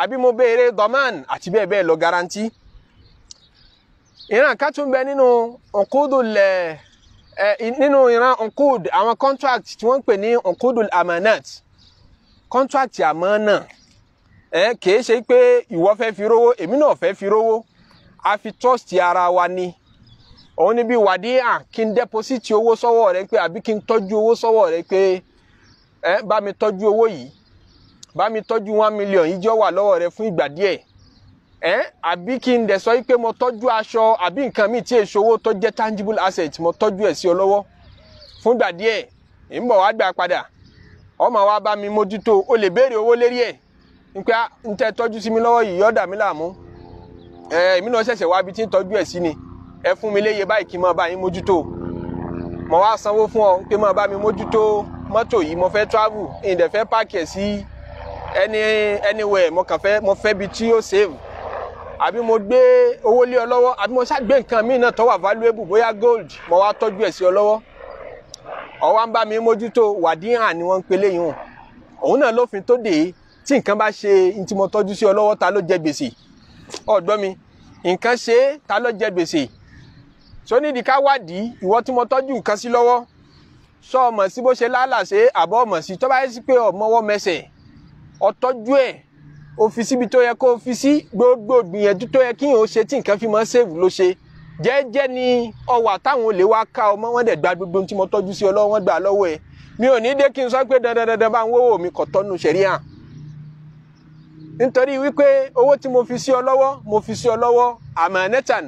àbí mo béèrè dọ́mán àti bẹ́ẹ̀ bẹ́ẹ̀ lọ garanti ìran kan tún bẹ nínú òkúdù lẹ̀ ẹ̀ nínú ìran òkúdù àwọn contract tí wọ́n ń pè ní òkúdù amanat contract àmánà ẹ̀ kìí ṣe pé ìwọ fẹ́ fi rówó èmi náà fẹ́ fi rówó a fi trust ara wa ni òun ni bí wàdí à kí n deposit owó sọ́wọ́ rẹ pé àbí kí n tọ́jú owó sọ́wọ́ rẹ pé ẹ bá mi tọ́jú owó yìí bá mi tọ́jú one million yìí jọ wà lọ́wọ́ rẹ fún ìgbà díẹ̀ ẹ àbí kí n dẹ̀ sọ pé mo tọ́jú aṣọ àbí nǹkan mi tí tangible asset mo tọ́jú ẹ̀ sí ọ lọ́wọ́ fún ìgbà díẹ̀ ń bọ̀ padà ọmọ wa bá mi mójútó o lè béèrè owó lérí ẹ̀ nípa n tẹ́ tọ́jú sí mi lọ́wọ́ yìí láàmú ẹ èmi wá bi tí ń tọ́jú ni ẹ fún mi léye báyìí kí n wá mọ́tò yìí mo fẹ́ travel ìdẹ̀ fẹ́ pààkì ẹ̀ sí any anywhere mo kàn fẹ́ mo fẹ́ bi tí ó save àbí mo gbé owó lé ọ lọ́wọ́ àbí mo ṣàgbé nǹkan míì náà tó wà valuable bóyá gold mo wá tọ́jú ẹ̀ sí ọ lọ́wọ́ ọwọ́ ń bá mi mójútó wàdíhàn ni wọ́n ń pelé yìí hàn òun náà lófin tó dé tí nǹkan bá ṣe ntí mo tọ́jú sí ọ lọ́wọ́ ta ló jẹ gbèsè ọ̀gbọ́n mi nǹkan ṣe ta ló jẹ gbèsè sónídìí ká wádìí ìwọ tí mo tọ́jú nǹkan sí lọ́wọ́ sọ ọmọ sí bó ṣe lálàṣe àbọ̀ ọmọ sí tó bá yẹ sí pé ọmọwọ́ mẹsẹ̀ ọtọ́jú ẹ̀ ó fi síbi tó yẹ kó fi sí gbogbo gbìyànjú tó yẹ kí n ò ṣe tí nǹkan fi mọ́ sèvù ló ṣe jẹ́jẹ́ ni ọwà táwọn olè wá ká ọmọ wọn dẹ̀ gba gbogbo tí mo tọ́jú sí ọlọ́wọ́ wọn gbà lọ́wọ́ ẹ̀ mi ò ní dé kí n sọ pé dandan dandan bá ń wọ́wọ́ mi kò tọ́nu ṣẹ̀ríà nítorí wípé owó tí mo fi sí ọ lọ́wọ́ mo fi sí ọ lọ́wọ́ àmọ́ nẹ́tàn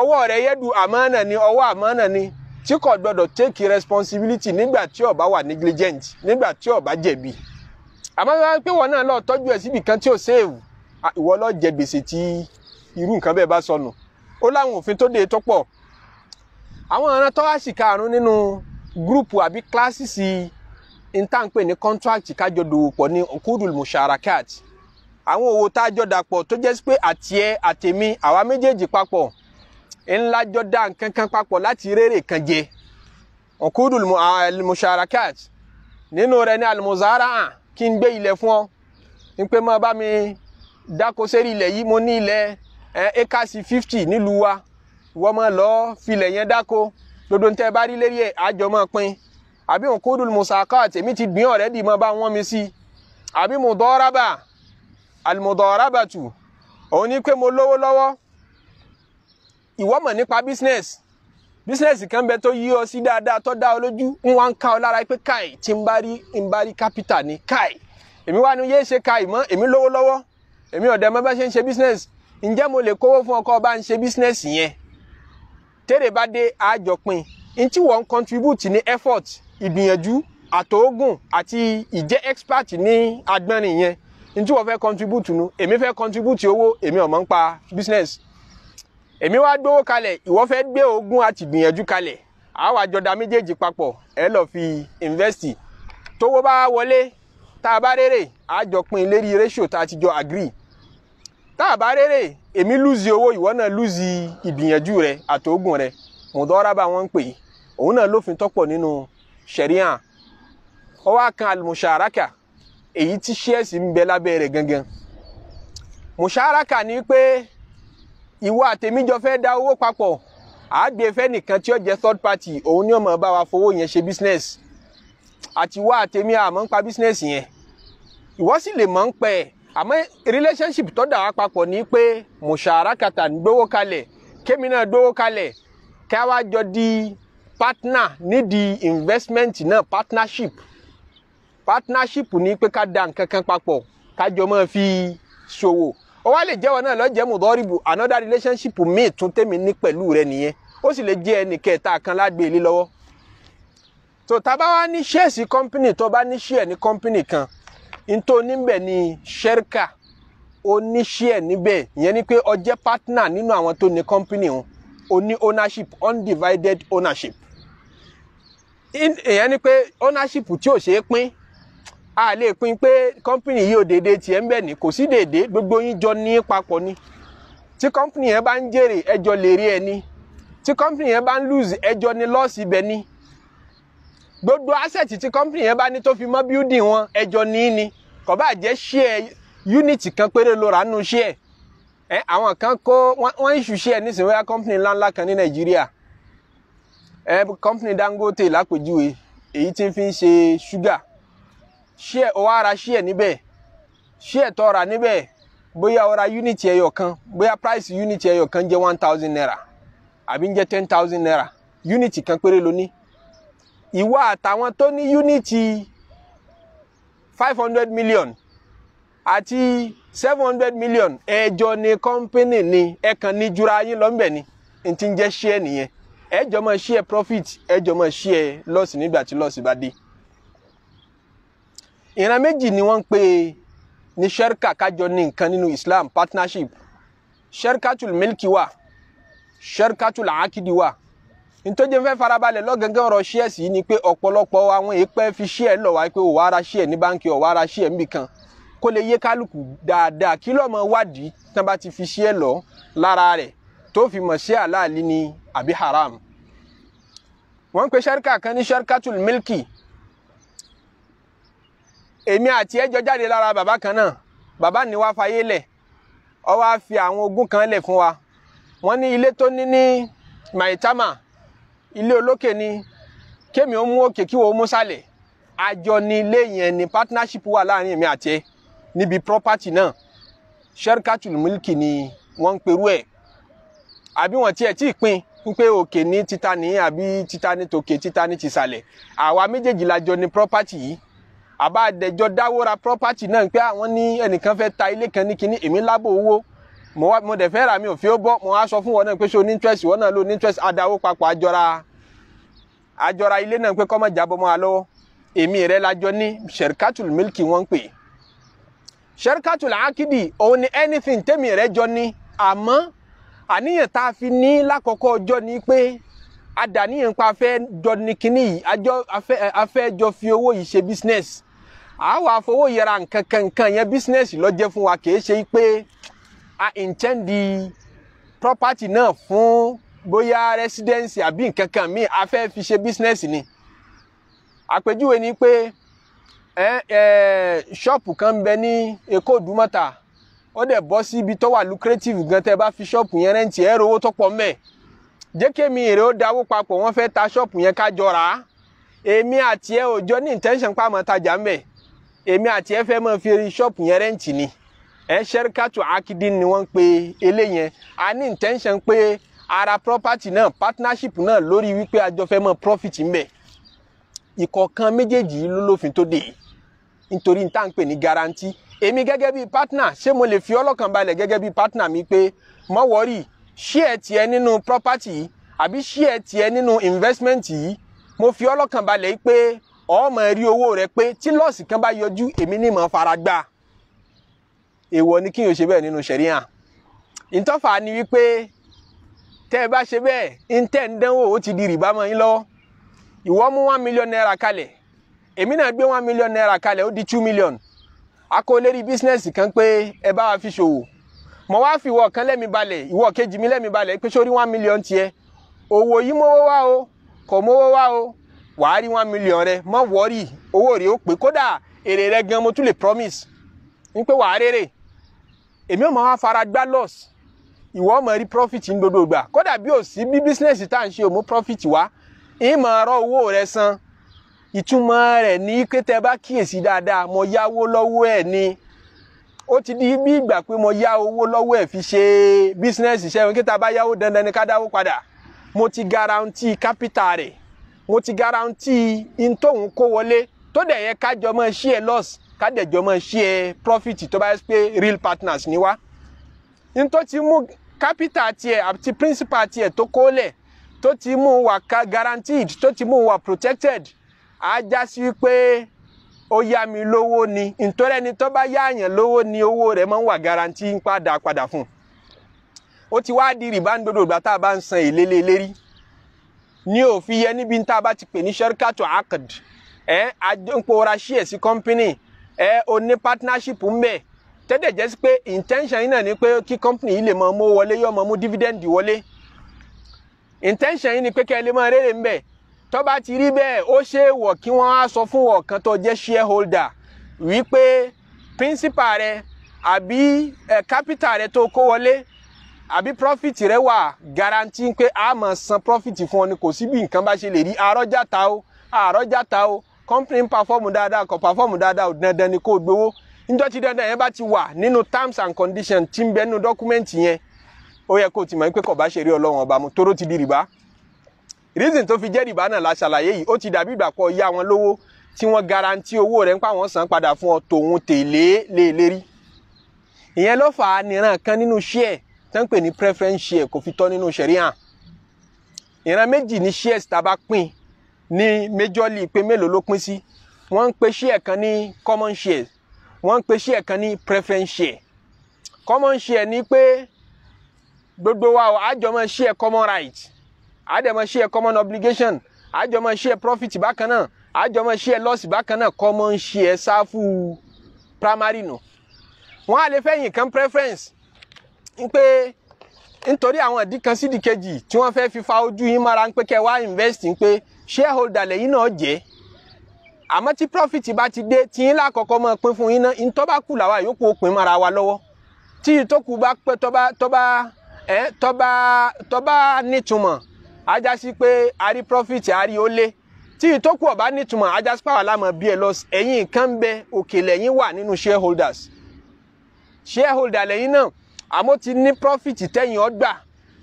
ọwọ́ rẹ̀ yẹ́dù àmánà ni ọwọ́ àmánà ni tí kò gbọdọ̀ take responsibility nígbà tí ó bá wà negligent nígbà tí ó bá jẹ̀bi àmọ́ wọ́n pé wọn náà lọ tọ́jú ẹ̀ síbi kan tí ò sèèwù ìwọ lọ jẹ gbèsè tí irú nǹkan bẹ́ẹ̀ bá sọnù ó láwọn òfin tó de tó pọ̀ àwọn ọ̀ràn tó wá sì karùn-ún nínú gúrùpù àbí kíláàsìsì ìtànpè ní contract kájọ dòwò pọ̀ ní okudul musharakat àwọn òwò tá a jọ dàpọ̀ tó jẹ́ sí pé àtiẹ̀ àtèmi àwa méjèèjì papọ̀ ńlá jọ dá nǹkan kan papọ̀ láti rere kan jẹ ọ̀kúdùl musharakat nínú rẹ̀ ní almuzara hàn kí n gbé ilẹ̀ fún ọ ní máa bá mi dáko sérí ilẹ̀ yìí mo ní ilẹ̀ ekasi fifty nílùú wa wọ́n máa lọ́ọ́ filẹ̀ yẹn dáko dodo tẹ́ bá rí lérí ẹ̀ àjọ máa pín àbí ọ̀kúdùl musakat èmi ti gbìn ọ̀rẹ́ dì máa bá wọ́n mi sí àbí mudaraba almudarabatu òun ní pé mo lówó lọ́wọ́ ìwọ mọ̀ nípa business business kan bẹ tó yí ọ sí dáadáa tó dá ọ lójú ń wá ń ká ọ lára pé káì tí ń bá rí ń bá rí capital ní káì èmi wá ní yéé ṣe káì mọ́ èmi lówó lọ́wọ́ èmi ọ̀dẹ̀ mọ́ bá ṣe ń ṣe business ǹjẹ́ mo lè kówó fún ọkọ bá ń ṣe business yẹn tèrè bá dé àjọpin n tí wọ́n contribute ní effort ìgbìyànjú àtòógùn àti ìjẹ́ expert ní agbọ́nrin yẹn n tí wọ́n fẹ́ contribute nu èmi fẹ́ contribute owó èmi ò mọ̀ ń pa business èmi wá gbowó kalẹ̀ ìwọ fẹ́ gbé ogún àti gbìyànjú kalẹ̀ àwa jọdá méjèèjì papọ̀ ẹ lọ fi investi tówó bá wọlé tá a bá rèrè a jọ pín lérí ratio tá a ti jọ agree tá a bá rèrè èmi lùzì owó ìwọ náà lùzì ìgbìyànjú rẹ àtògùn rẹ mùdọ́rábà wọn ń pè é òun náà lófin tọ́pọ̀ nínú ṣẹ̀ríà ó wá kan àlùmùsàràkà èyí tí ṣẹ́ẹ̀sì ń bẹ lábẹ́ rẹ̀ gangan mùsàràkà ni pé ìwọ àtèmi jọ fẹ́ da owó papọ̀ àgbè e fẹ́ nìkan tí ó jẹ́ third party òun ni ó máa bá wa fowó yẹn ṣe business àti ìwọ àtèmi àmọ́ ń pa business yẹn ìwọ sì lè mọ̀ ń pẹ́ àmọ́ relationship tó dà wá papọ̀ ní pé mùsàràkàtà ń gbowó kalẹ̀ kémi náà gbowó kalẹ̀ ká wá jọ di partner nídìí investment náà partnership partnership ní pé ká da nǹkan kan papọ̀ ká jọ máa fi ṣòwò. So ó wá lè jẹ́wọ́ náà lọ́jẹ́ mùdọ́rìbù another relationship míì tún tèmi ní pẹ̀lú rẹ nìyẹn ó sì lè jẹ́ ẹnì kẹta kan lágbèlé lọ́wọ́ tó tábà wá ní ṣẹ́ẹ̀sì company tó bá ní ṣẹ́ẹ̀ ní company kan ntó níbẹ̀ ni ṣẹ́ríkà ó ní ṣẹ́ẹ̀ níbẹ̀ ìyẹn ni pé ó jẹ́ partner nínú àwọn tó ní company wọn ó ní ownership undivided ownership ìyẹn ni pé ownership tí ò ṣeé pín a lè pín pé kọ́mpìnì yìí ò dédé tiẹ̀ ń bẹ̀ ní kò sí dédé gbogbo yín jọ ní papọ̀ ni tí kọ́mpìnì yẹn bá ń jèrè ẹjọ́ lè rí ẹni tí kọ́mpìnì yẹn bá ń lose ẹjọ́ ní lọ́ọ̀sì ibẹ̀ ni gbogbo asset tí kọ́mpìnì yẹn bá ní tó fi mọ́ building wọn ẹjọ́ ní ni kò bá jẹ́ share unit kan péré ló rà nù share ẹ àwọn kan kó wọ́n issue share nísìnyí wọ́n yá kọ́mpìnì ńláńlá kan ní Nàìjíríà ẹ kọ́mpìnì Dangote lápèjúwe èyí tí ń fi ń ṣe ṣúgà ṣíẹ̀ ó wá ra ṣíẹ̀ níbẹ̀ ṣíẹ̀ tó ra níbẹ̀ bóyá ó ra unity ẹyọ kan bóyá price unity ẹyọ kan jẹ́ one thousand naira àbí ń jẹ́ ten thousand naira unity kan péré ló ní ìwọ àtàwọn tó ní unity five hundred million àti seven hundred million ẹjọ ní kọ́ńpínì ni ẹ kàn ní jura yín lọ́nbẹ̀ ni n ti ń jẹ́ ṣíẹ̀ nìyẹn ẹjọ máa ṣíẹ̀ profit ẹjọ máa ṣíẹ̀ loss nígbà tí loss bá dé ìran méjì ni wọ́n ń pè ní sherka kájọ ní nǹkan nínú Islam partnership sherkatul milki wa sherkatul akidi wa ntọ́jẹ́ fẹ́ farabalẹ̀ lọ́gẹ́gẹ́ ọ̀rọ̀ shares yìí ni pé ọ̀pọ̀lọpọ̀ àwọn èèpẹ́ fi share lọ wá pé òwò ara share ní báńkì òwò ara share níbìkan kó lè yé kálukú dáadáa kí lọ́mọ wádìí tán bá ti fi share lọ lára rẹ̀ tó fi mọ̀ sí àlàálí ni àbí haram wọ́n ń pe sherka kan ní sherkatul milki èmi àti ẹjọ jáde lára bàbá kan náà bàbá ni wàá fayé lẹ̀ ọ wá fi àwọn ogún kan lẹ̀ fún wa wọ́n ní ilé tó ní ní Maitama ilé olókè ni kémi ó mú òkè kí wọ́n mú sálẹ̀ àjọ ni ilé yẹn ni partnership wà láàrin èmi àti ẹ níbi property náà sherkatul milki ni wọ́n ń perú ẹ̀ àbí wọ́n tiẹ̀ tí ì pín ń pé òkè ní títa ní àbí títa ní tòkè títa ní tìsàlẹ̀ àwa méjèèjì la jọ property yìí àbádẹjọ dáwọ́ra property náà pé àwọn ní ẹnìkan fẹ́ ta ilé kan ní kinní èmi lábò owó mo wá mo dẹ̀ fẹ́ rà mí ò fi ó bọ́ mo wá sọ fún wọn náà pé ṣé o ní interest wọn náà ló ní interest adáwó papọ̀ àjọra àjọra ilé náà pé kọ́ mọ̀ mọ́ wa èmi rẹ̀ lájọ ní sherkatul milki wọ́n ń pè sherkatul akidi òun ni anything tẹ́mi rẹ̀ jọ ní àmọ́ àníyàn tá a fi ní lákọ̀ọ́kọ́ ọjọ́ ni pé adàníyàn pa afẹ́ jọ ní kinní yìí afẹ́ jọ fi owó yìí ṣe business a wà fowó yẹra nǹkan kankan yẹn bísínẹ́sì ló jẹ́ fún wa kì í ṣe pé a ìǹtẹ́ǹdì property náà fún bóyá rẹ́sídẹ́ǹsì àbí nǹkan kan míì a fẹ́ fi ṣe bísínẹ́sì ni àpèjúwe ni pé ṣọ́ọ̀pù kan ń bẹ ní Èkó Ìdúmọ̀tà ó dẹ̀ bọ́ sí ibi tó wà lucrative gan tẹ́ bá fi ṣọ́ọ̀pù yẹn rẹ́ǹtì ẹ̀ rówó tó pọ̀ mẹ́ẹ̀ jẹ́kẹ́mi èrè ó dáwó papọ̀ wọ́n fẹ́ ta ṣọ́ọ̀pù yẹn ká jọra èmi àti ẹ ò ní intention pa àmọ́ tajà mẹ́ẹ̀ èmi àti ẹ fẹ́ máa fi ṣọ́ọ̀pù yẹn rẹ́ǹtì ni ẹ ṣẹ́ríkàtù akidin ni wọ́n ń pe eléyẹn a ní intention pé ara property náà partnership náà lórí wípé àjọ fẹ́ máa profit ń bẹ ìkọ̀ọ̀kan méjèèjì ló lófin tó dé nítorí n tá à pè ní guarantee èmi gẹ́gẹ́ bíi partner ṣé mo lè fi ọlọ́kàn balẹ̀ gẹ́gẹ́ bíi partner mi pé mọ́ wọ́rì share tiẹ̀ nínú property yìí àbí share tiẹ̀ nínú investment yìí mo fi ọlọ́kàn balẹ̀ pé ọmọ rí owó rẹ pé tí lọ́ọ̀sì kan bá yọjú èmi ní mọ̀ fara gbá èèwọ̀ ni kí n ò ṣe bẹ́ẹ̀ nínú ṣẹ̀ríà ìtọ́fà ni wípé tẹ́ ẹ bá ṣe bẹ́ẹ̀ ń tẹ́ ń dánwò ó ti di rìbá mọ́ yín lọ́wọ́ ìwọ mú one million naira kalẹ̀ èmi náà gbé one million naira kalẹ̀ ó di two million akólérí bísínẹ́sì kan pé ẹ bá wa fi ṣòwò mo wá fi ìwọ kan lẹ́mi balẹ̀ ìwọ kejì mi lẹ́mi balẹ̀ pé sórí one million tiẹ̀ òwò yìí mówó wá o kò mówó wá o wàá rí one million rẹ má wọ́ọ̀rì owó rẹ ó pé kódà èrè rẹ gan mo tún lè promise ní pé wàá rèrè èmi ò máa fara gbá loss ìwọ ọmọ rí profit ń dodo gbà kódà bí ò sí bí business tá à ń ṣe ò mú profit wá ìmọ̀ ọ̀rọ̀ owó rẹ san ìtumọ̀ rẹ̀ ní pé tẹ bá kíyèsí dáadáa mo yáwó lọ́wọ́ ẹ̀ ni ó ti di bí ìgbà pé mo yá owó lọ́wọ́ ẹ̀ fi ṣe business ṣẹ́yìn kí tá a bá yáwó dandan ni ká dáwó padà mo ti guarantee capital rẹ̀ mo ti garanti in tóun kó wọlé tó dẹ̀ yẹ kájọ mọ́ share loss kádẹ̀jọ mọ́ share profit tó bá yẹ pé real partners ni wá in tó ti mú capital tiẹ̀ àti principal tiẹ̀ tó kó lẹ̀ tó ti mú wa guaranteed tó ti mú wa protected á já sí pé ó yá mi lówó ni nítorí ẹni tó bá yá àyàn lówó ni owó rẹ̀ máa ń wà guarantee ń padà padà fún un ó ti wá di rìbá ń gbọdọ̀ gbà tá a bá ń san èlé lé lérí ní òfin yẹ níbi tá a bá ti pè ní sharikatu akad ẹ àjọpọ̀ra ṣíẹ̀ sí company ẹ o ní partnership ń tẹ́tẹ̀ jẹ́ sí pé intention yìí náà ni pé kí company yìí lè mọ mú wọlé yọ mọ mú dividend wọlé intention yìí ni pé kẹ́ ẹ lè mọ rere ń bẹ̀ tó bá ti rí bẹ́ẹ̀ ó ṣe é wọ̀ kí wọ́n á sọ fún wọ̀ kan tó jẹ́ shareholder wípé principal rẹ àbí capital rẹ tó kó wọlé àbí profit rẹ wà guarantee pé a máa san profit fún ọ ni kò sí bí nǹkan bá ṣe lè rí àrọ́jà ta o àrọ́jà ta o company ń perform dáadáa kò perform dáadáa ò dandan ni kò gbowó níjọ́ tí dandan yẹn bá ti wà nínú terms and conditions tí ń bẹ nínú dọ́kúmẹ́ǹtì yẹn ó yẹ kó o ti mọ̀ pé kò bá ṣe rí ọlọ́run ọba mu toró ti di rìbá reason tó fi jẹ́ rìbá náà la ṣàlàyé yìí ó ti dàbí ìgbà pọ̀ yá wọn lówó tí wọ́n guarantee owó rẹ̀ ń pa wọ́n san padà fún ọ tòun tèlé lè e lérí ìyẹn ló fà á nìran kan nínú share tán pè ní preference share kò fi tọ́ nínú ṣẹ̀ríà ìran méjì ní shares tá a bá pín ní méjọ́lì pé mélòó ló pín sí wọ́n ń pe share kan ní common shares wọ́n ń pe share kan ní preference share common share ni pé gbogbo wa o àjọ máa share common right àdẹ̀ máa share common obligation àjọ máa share profit bákan náà àjọ máa share loss bákan náà common share sáfù primary nù wọ́n á lè fẹ́yìn kan preference pé nítorí àwọn ìdí kan sídìí kejì tí wọ́n fẹ́ẹ́ fi fa ojú yín mọ́ra ń pé kẹ́ wá invest ń pé shareholder lẹ́yìn náà jẹ́ àmọ́ tí profit bá ti dé tí yín lákọ̀ọ́kọ́ máa pín fún yín náà ní tó bá kù làwa yòókù ó pín mọ́ra wa lọ́wọ́ tí ìtókù bá pẹ́ tó bá tó bá ẹ̀ tó bá tó bá nítumọ̀ ajá sí pé a rí profit a rí ó lé tí ìtókù ọ̀bá nítumọ̀ ajá sí pàwọ́ lámọ̀ bí ẹ lọ ẹ̀yìn kan bẹ òkè lẹ́yìn wà nínú shareholders shareholder lẹ́yìn náà àmọ́ ti ní profit tẹ́yìn ọgbà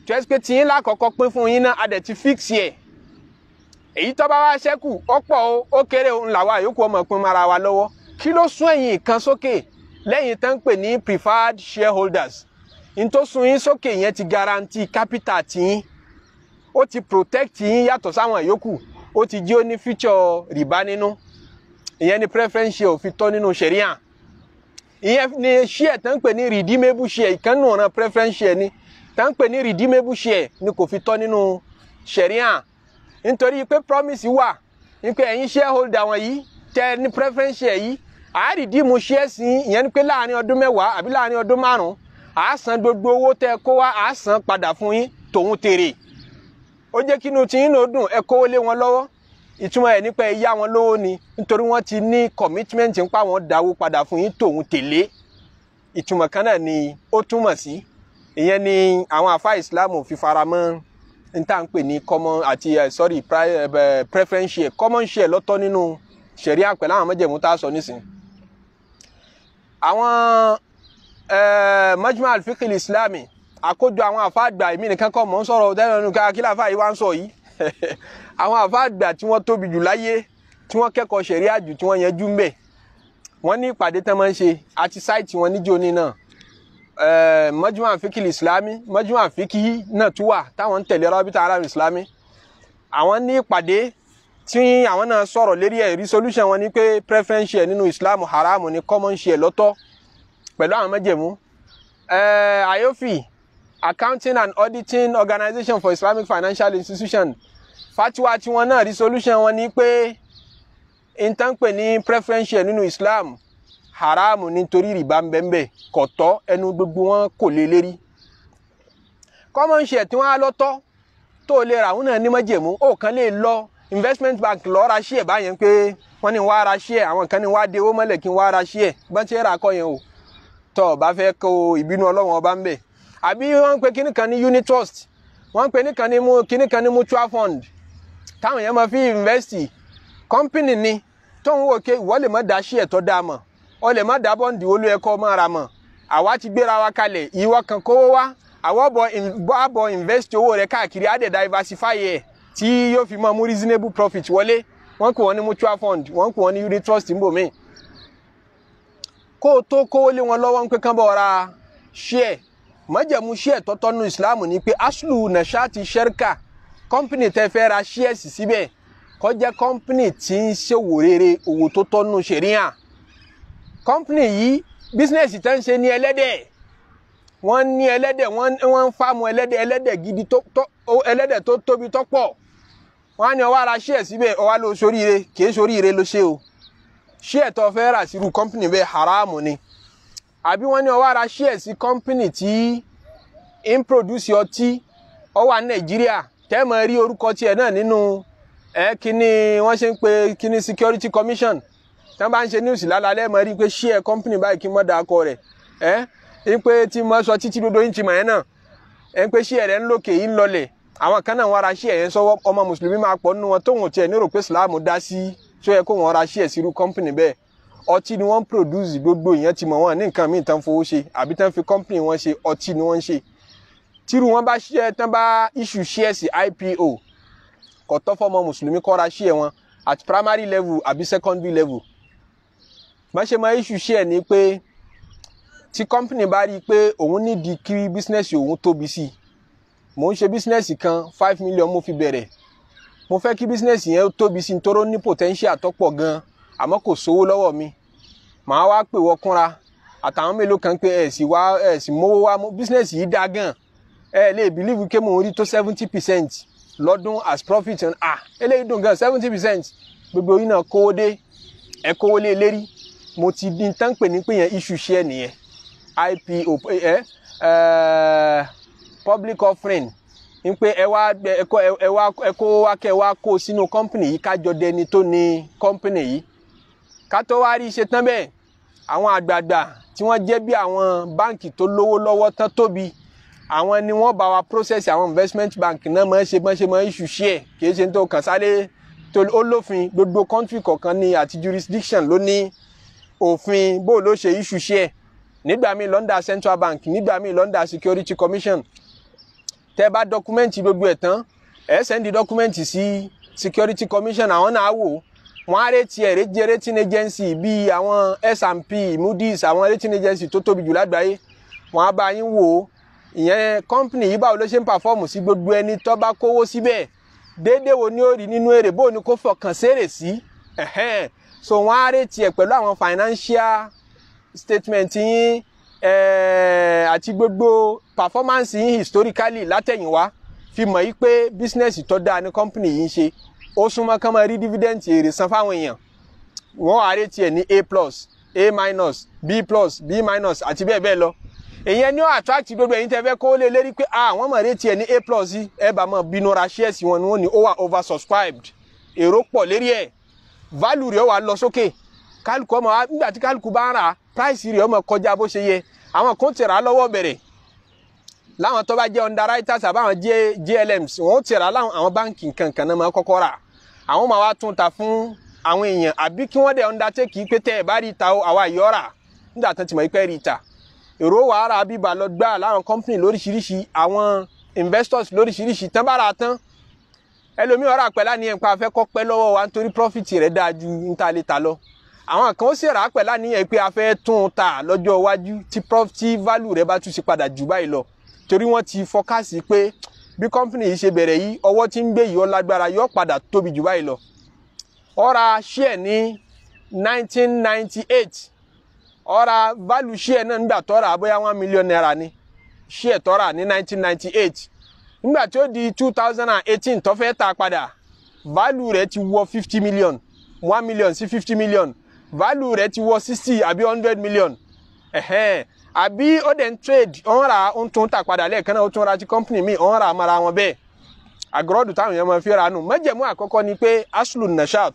tó ẹ́ pé tiyín lákọ̀ọ́kọ́ pín fún yín náà a dẹ̀ ti fix yẹ èyí tó bá wá ṣẹ́kù ó pọ̀ o ó kéré òun làwa yòókù ọmọ pín mara wa lọ́wọ́ kí ló sún ẹ̀yìn kan sókè lẹ́yìn tó ń pè ní preferred shareholders n tó sún yín sókè yẹn ti guarantee capital tiyín ó ti protect yín yàtọ̀ sáwọn yòókù ó ti jí ó ní future rìbá nínú ìyẹn ni preference share ò fi tọ́ nínú ṣẹ̀ríà ìyẹn ni share tán ń pè ní redeemable share ìkànnì preference share ni tán ń pè ní redeemable share ni kò fi tọ́ nínú sharia nítorí pé promise wà pé shareholder wọn tẹ ní preference share yìí ìyẹn ni pé láàrin ọdún a san gbogbo owó tẹ kó wá a san padà fún yín tòun tèrè ó jẹ́ kí ìtumọ̀ ẹ̀ nípa ẹ yá wọn lówó ni nítorí wọ́n ti ní commitment ń pa wọn dáwó padà fún yín tòun tèlé ìtumọ̀ kan náà ni ó túmọ̀ sí ìyẹn ni àwọn àfa ìsìláàmù fi faramọ́ níta ń pè ní common àti uh, sorry pri, uh, preference share common share lọ́tọ̀ nínú ṣẹ̀ríà pẹ̀lú àwọn mẹ́jẹ̀mú tá a sọ nísìn. àwọn uh, majma al àkójọ àwọn àfa àgbà èmi nìkan kọ́ mọ̀ ń sọ̀rọ̀ tẹ́lẹ̀ kí láfa yìí wá ń sọ yìí <laughs> àwọn àfa àgbà tí wọ́n tóbi jù láyé tí wọ́n kẹ́kọ̀ọ́ ṣẹ̀rí àjù tí wọ́n yanjú mbẹ̀ wọ́n ní ìpàdé tán máa ń ṣe àti sáìtì wọn níjó ní náà eh, mọ́júmọ́ àfikì ìsìlámì mọ́júmọ́ àfikì náà tún wà táwọn ń tẹ̀lé rọ́bìtà aráàlú ìsìlámì àwọn ní ìpàdé tí àwọn náà sọ̀rọ̀ lérí ẹ̀ resolution wọn ni pé preference share nínú islam haram ni common share lọ́tọ̀ pẹ̀lú àwọn májẹ̀mú àyòfì eh, accounting and auditing organization for islamic financial institution fatiwa tí wọn náà resolution wọn ni pé nǹkan ní preference share nínú islam haram nítorí rìbá ńbẹ́ńbẹ́ kò tọ́ ẹnu gbogbo wọn kò lè lérí common share tí wọ́n á lọ́tọ́ tó lè rà wọn náà ní májẹ̀mú ó kàn lè lọ investment bank lọ ra share báyẹn pé wọ́n ní wá ra share àwọn kan ní wá de owó mọ́lẹ̀ kí n ra share gbọ́n ti rà kọ́ yẹn o tọ́ ọ bá fẹ́ kó ìbínú ọlọ́wọ́n ọba ń àbí wọ́n ń pe kíní kan ní unit trust wọ́n ń pe kíní kan ní mutual fund táwọn yẹn máa fi invest company ni tóun wò ké ìwọ lè má dá sí ẹ̀tọ́ dáa mọ̀ ọ lè má dá bọ́ǹdì olú ẹ̀kọ́ máa ra mọ̀ àwa ti gbéra wa kalẹ̀ ìwọ kan kówó wá àwọ̀ bọ̀ àbọ̀ invest owó rẹ̀ káàkiri á dẹ̀ diversify ẹ̀ tí yóò fi máa mú reasonable profit wọlé wọ́n kò wọ́n ní mutual fund wọ́n kò wọ́n ní unit trust ń bò míì kó o tó kówó lé wọn lọ́wọ́ ń pé kán bọ̀ ra share májẹ̀mú ṣíẹ̀ tọ́tọ́nú islam ni pé aslu nashati sherka kọ́mpìnì tẹ́ fẹ́ ra ṣíẹ̀ sí síbẹ̀ kó jẹ́ kọ́mpìnì tí ń ṣòwò rere òwò tó tọ́nú ṣẹ̀ríà kọ́mpìnì yìí bísínẹ́sì tẹ́ ń ṣe ní ẹlẹ́dẹ̀ wọ́n ní ẹlẹ́dẹ̀ wọ́n ń fáàmù ẹlẹ́dẹ̀ ẹlẹ́dẹ̀ gidi ẹlẹ́dẹ̀ tó tóbi tó pọ̀ wọ́n á ní ó wá ra ṣíẹ̀ síbẹ̀ ó wá lọ sóríire kì í sóríire ló ṣe o ṣíẹ̀ tó fẹ́ rà sírú kọ́mpìnì bẹ́ẹ̀ haramu ni àbí wọ́n ní ó wá ra company tí ń produce ọtí ó wà nàìjíríà tẹ́ẹ̀mọ̀ rí orúkọ tiẹ̀ náà nínú ẹ kíní wọ́n ṣe ń pe kíní security commission tí wọ́n bá ń ṣe news lálálẹ́ mọ̀ rí pé share company báyìí kí wọ́n da akọ rẹ̀ ẹ ń pé tí mo sọ títí dodo ń ti mọ̀ ẹ́ náà ẹ ń pé share rẹ̀ ń lòkè yìí ń lọlẹ̀ àwọn kan náà wọ́n ra share yẹn sọ́wọ́ ọmọ mùsùlùmí máa pọ̀ nínú wọn tóun tiẹ̀ ní rò pé Islam dá sí tó yẹ kó wọ́n ra share sírú company bẹ́ẹ̀ ọtí ni wọ́n ń produce gbogbo ìyẹn ti mọ̀ wọ́n ní nǹkan míì tán fowó ṣe àbí tán fi company wọn ṣe ọtí ni wọ́n ń ṣe tírú wọn bá ṣe tán bá issue shares IPO kò tọ́ fọ́mọ mùsùlùmí kọ́ra share wọn at primary level àbí secondary level máa ṣe máa issue share ni pé tí company bá rí i pé òun nídìí kí business òun tóbi sí i mò ń ṣe business kan five million mo fi bẹ̀rẹ̀ mo fẹ́ kí business yẹn tóbi sí i nítorí ó ní potential tó pọ̀ gan-an àmọ́ kò sówó lọ́wọ́ mi màá wá pè wọ́n kúnra àtàwọn mélòó kan pé ẹ̀ sì wá ẹ̀ sì mówó wá bísínẹ́sì yìí dá gan ẹ lè bìlíìfù ké mò ń rí tó seventy percent lọ́dún as profit and ah eléyìí dùn gan seventy percent gbogbo yìí náà kówó dé ẹ kówó lé lérí mo ti di tán pè ní pé yẹn issue share nìyẹn IPO ẹ eh, ẹ eh, public offering ń pé ẹ wá ẹ kó ẹ wá ẹ kó wá kẹ wá kó sínú company yìí kájọ dẹni tó ní company yìí ká tó wá rí ṣe tán bẹ́ẹ̀ àwọn àgbààgbà tí wọ́n jẹ́ bí àwọn báǹkì tó lówó lọ́wọ́ tán tóbi àwọn ni wọ́n bá wa process àwọn investment bank náà máa ń ṣe bọ́n ṣe máa ń ṣù ṣí ẹ̀ kì í ṣe tó kàn sáré tó olófin gbogbo country kọ̀ọ̀kan ni àti jurisdiction ló ní òfin bó ló ṣe ìṣù ṣí ẹ̀ nígbà míì London Central Bank nígbà míì London Security Commission tẹ́ bá dọ́kúmẹ́ǹtì gbogbo ẹ̀ tán ẹ̀ sẹ́ndì dọ́kúmẹ́ǹtì sí Security Commission àwọn náà wò ó wọ́n á retí ẹ̀ retí rating agency bíi àwọn S&P Moody's àwọn rating agency tó tóbi jù lágbàáyé wọ́n á bá yín wò ó ìyẹn company yìí báwo ló ṣe ń pàfọ́ọ̀mù sí gbogbo ẹni tó bá kówó síbẹ̀ déédéé wo ni ó rí nínú èrè bó ni kò fọkàn sérè sí ẹ̀hẹ́n so wọ́n á retí ẹ̀ pẹ̀lú àwọn financial statement yín eh, àti gbogbo performance yín historically látẹ̀yìnwá fi mọ̀ yí pé business tó dáa ni company yìí ń ṣe ó súnmọ́ kán dividend èrè san fáwọn èèyàn wọ́n á rètí ní a plus a minus b plus b minus àti bẹ́ẹ̀ bẹ́ẹ̀ lọ èyàn ni ó attract gbogbo ẹ̀yin tẹ́ fẹ́ kó lè lérí pé ah wọ́n máa rètí ẹ̀ ní a plus yìí ẹ bá máa bínú ra shares wọn ni wọ́n ní ó wà over subscribed èrò pọ̀ lérí ẹ̀ value rẹ̀ wà lọ sókè kálukú ọmọ nígbà tí kálukú bá ń rà price rẹ̀ ọmọ kọjá bó ṣe yẹ àwọn kan tẹ̀ra lọ́wọ́ bẹ̀rẹ̀ láwọn tó bá jẹ́ underwriters àbáwọn JLMs wọ́n tẹ̀ra láwọn àwọn báǹkì kankan náà máa kọ́kọ́ rà àwọn máa wá tún ta fún àwọn èèyàn àbí kí wọ́n dẹ̀ undertake pé tẹ́ ẹ̀ bá rí ta o àwa ìyọ́ra nígbà tán ti mọ̀ pé rí ta èrò wàhálà bíbà lọ gbà láwọn company lóríṣiríṣi àwọn investors lóríṣiríṣi tán bá ra tán ẹlòmíì ọ̀rọ̀ àpẹ́lá ní ẹ̀ńpá afẹ́ kọ́ pẹ́ lọ́wọ́ wa nítorí profit rẹ̀ dáa ju níta lè ta lọ àwọn kan ó sì rà àpẹ́lá ní ẹ̀ pé afẹ́ tún un ta lọ́jọ́ iwájú tí value rẹ̀ bá tún ṣe padà jù báyìí lọ torí wọ́n ti fọkásì pé bí company yìí ṣe bẹ̀rẹ̀ yìí ọwọ́ tí ń gbé yìí ó lágbára yóò padà tóbi jù báyìí lọ ó ra ní 1998 ó ra value share náà nígbà tó rà bóyá one million naira ni share tó rà ní 1998 nígbà tí ó di 2018 tó fẹ́ padà value rẹ̀ ti wọ 50 million 1 million sí 50 million value rẹ̀ ti wọ 60 àbí 100 million Eh àbí ó dẹ̀ ń trade ọ̀n ra ó ń tún tà padà lẹ́ẹ̀kan náà ó tún ra ti company míì ọ̀n ra mara wọn bẹ́ẹ̀ àgọ́rọ́dù táwọn èèyàn máa fi ra nù májẹ̀mú àkọ́kọ́ ni pé aslu nashat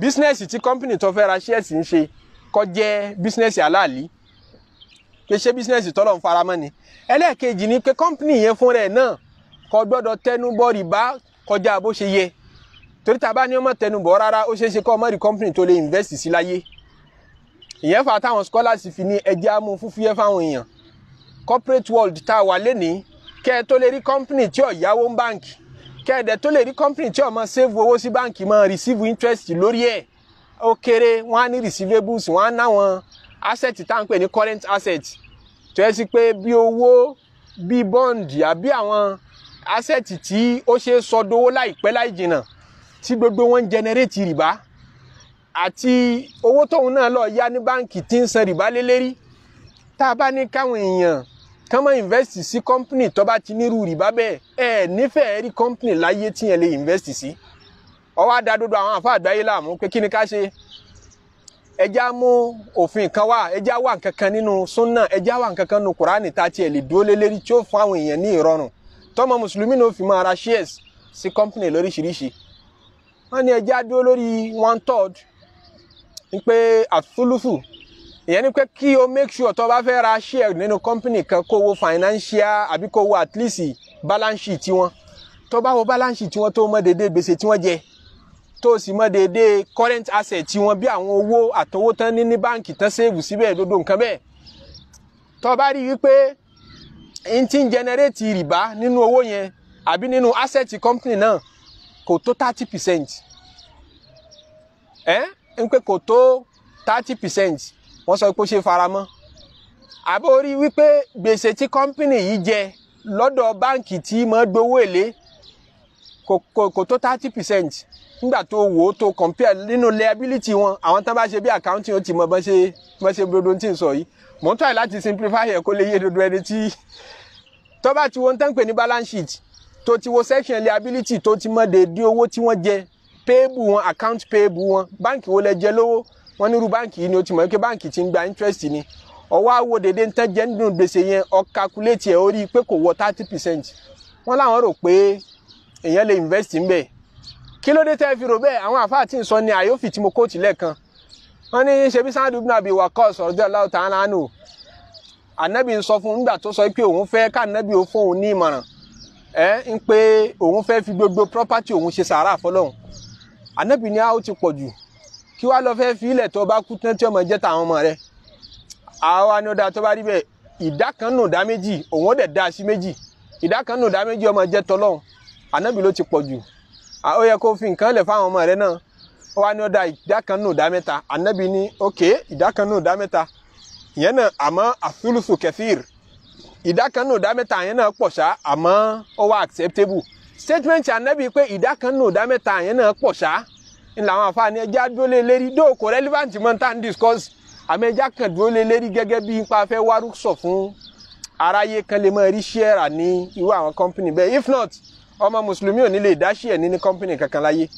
bísínẹ́sì tí company tó fẹ́ ra ṣẹ́ẹ̀sì ń ṣe kó jẹ́ bísínẹ́sì aláàlí pé ṣé bísínẹ́sì tọ́lọ̀ ń faramọ́ ni ẹlẹ́ẹ̀kejì ni pé company yẹn fún rẹ̀ náà kò gbọ́dọ̀ tẹnubọ̀ rìbá kọjá bó ṣe yẹ torí tá a bá ní ọmọ tẹnubọ̀ rárá ó ṣeé ṣe kó má rí company tó lè invest sí láyé ìyẹn fà táwọn scholars fi ní ẹjẹ́ amú fúfúyẹ́ fáwọn èèyàn corporate world tá a wà lénìí kẹ́ ẹ tó lè rí company tí ò yáwó ń báǹkì kẹ́ ẹ dẹ̀ tó lè rí company tí ò máa save owó sí báǹkì máa receive interest lórí ẹ̀ ó kéré wọ́n á ní receivables wọ́n á náwọn asset tá pè ní current asset tó yẹ sí pé bí owó bí bond àbí àwọn asset tí ó ṣe é sọdowó láìpẹ́ láì jìnnà tí gbogbo wọn ń generate rìbá àti owó tóun náà lọ yá ní báǹkì tí ń san rìbá lé lérí tá a bá ní káwọn èèyàn kán máa invest sí company tó bá ti nírú rìbá bẹ́ẹ̀ ẹ nífẹ̀ẹ́ rí company láyé tí yẹn lè invest sí ọwọ́ adádodo àwọn àfa àgbáyé láàmú pé kí ni ká ṣe ẹja mú òfin kan wá ẹja wà kankan nínú súnà ẹja wà kankan nínú kùránì tá a tiẹ̀ lè dúró lé tí ó fún àwọn èèyàn ní ìrọ̀rùn tọmọ mùsùlùmí ní ó fi máa ra shares sí company lóríṣiríṣi wọ́n ní ẹja dúró lórí one third pé àtúlùfù ìyẹn ni pé kí o make sure tó bá fẹ́ ra share nínú company kan kó wo financial àbí kó wo at least balance sheet tiwọn tó bá wo balance sheet tiwọn tó mọ dédé gbèsè tí wọ́n jẹ tó sì mọ dédé current asset tiwọn bí àwọn owó àtowó tán ní ní báǹkì tán sèèbù síbẹ̀ lódò nǹkan bẹ́ẹ̀ tó bá rí wípé n ti generate rìbá nínú owó yẹn àbí nínú asset company náà kò tó thirty percent. Eh? ń pé kò tó thirty percent wọ́n sọ pé ó ṣe faramọ́ àbórí wípé gbèsè tí kọ́ńpìnì yìí jẹ lọ́dọ̀ báǹkì tí mo gbowó èlé kò tó thirty percent nígbà tó wò ó tó compare nínú liability wọn àwọn tán bá ṣe bí accounting ó ti mọ bọ́n ṣe bọ́n ṣe dodo tí ń sọ yìí mò ń tọ́ láti simplify ẹ̀ kó lè yé dodo ẹni tí tó bá ti wo ń tán pè ní balance sheet tó ti wo section liability tó ti mọ déédéé owó tí wọ́n jẹ payable wọn account payable wọn báǹkì wo lẹ jẹ lówó wọn nírú báǹkì yìí ni o ti mọ̀ wípé báǹkì ti ń gba interest ni ọwọ́ àwo dédé ń tán jẹ́ nínú gbèsè yẹn ó calculate ẹ̀ ó rí i pé kò wọ thirty percent wọ́n láwọn rò pé èèyàn lè invest ń bẹ̀ kí ló dé tẹ́ fi rò bẹ́ẹ̀ àwọn àfáà tí ń sọ ni àyòfì tí mo kóòtù lẹ́ẹ̀kan wọ́n ní ṣe bí sáà dùbùnà bíi wakọ́ sọ̀rọ̀ jẹ́ ọ̀la ọ̀tá ńlá nù ànábì ń sọ fún nígbà tó sọ pé òun fẹ́ kánábì ó fún òun ní ìmọ̀ràn ẹ̀ ń pé òun fẹ́ fi gbogbo property òun ṣe sàárà fọlọ́hún ànábì ni a ó ti pọ̀ jù kí wàá lọ fẹ́ẹ́ fi ilẹ̀ tó bá kú tán tí ọmọ jẹ́ tàwọn ọmọ rẹ àwa ni ó da tó bá rí bẹ́ẹ̀ ìdá kan nù dá méjì òun ó dẹ̀ dá sí méjì ìdá kan nù dá méjì ọmọ jẹ́ tọlọ́hun ànábì ló ti pọ̀ jù ó yẹ kó fi nǹkan lẹ̀ fáwọn ọmọ rẹ náà ó wá ní ó da ìdá kan nù dá mẹ́ta ànábì ni ok ìdá kan nù dá mẹ́ta ìyẹn náà àmọ́ àfúlùsù kẹfìr ìdá kan nù dá mẹ́ta ìyẹn náà pọ̀ ṣá àmọ́ ó wà acceptable statement anabi pé ìdá kan nù ìdá mẹ́ta yẹn náà pọ̀ ṣá ń làwọn àfààní ẹja dúró lé lérí dóò kò relevant mọ́ tá à ń discuss àmì ẹja kan dúró lé lérí gẹ́gẹ́ bí ipa fẹ́ wárú sọ fún aráyé kan lè mọ rí ṣẹ́ra ní irú àwọn company bẹ́ẹ̀ if not ọmọ mùsùlùmí ò ní lè dá ṣẹ́ ní company kankan láyé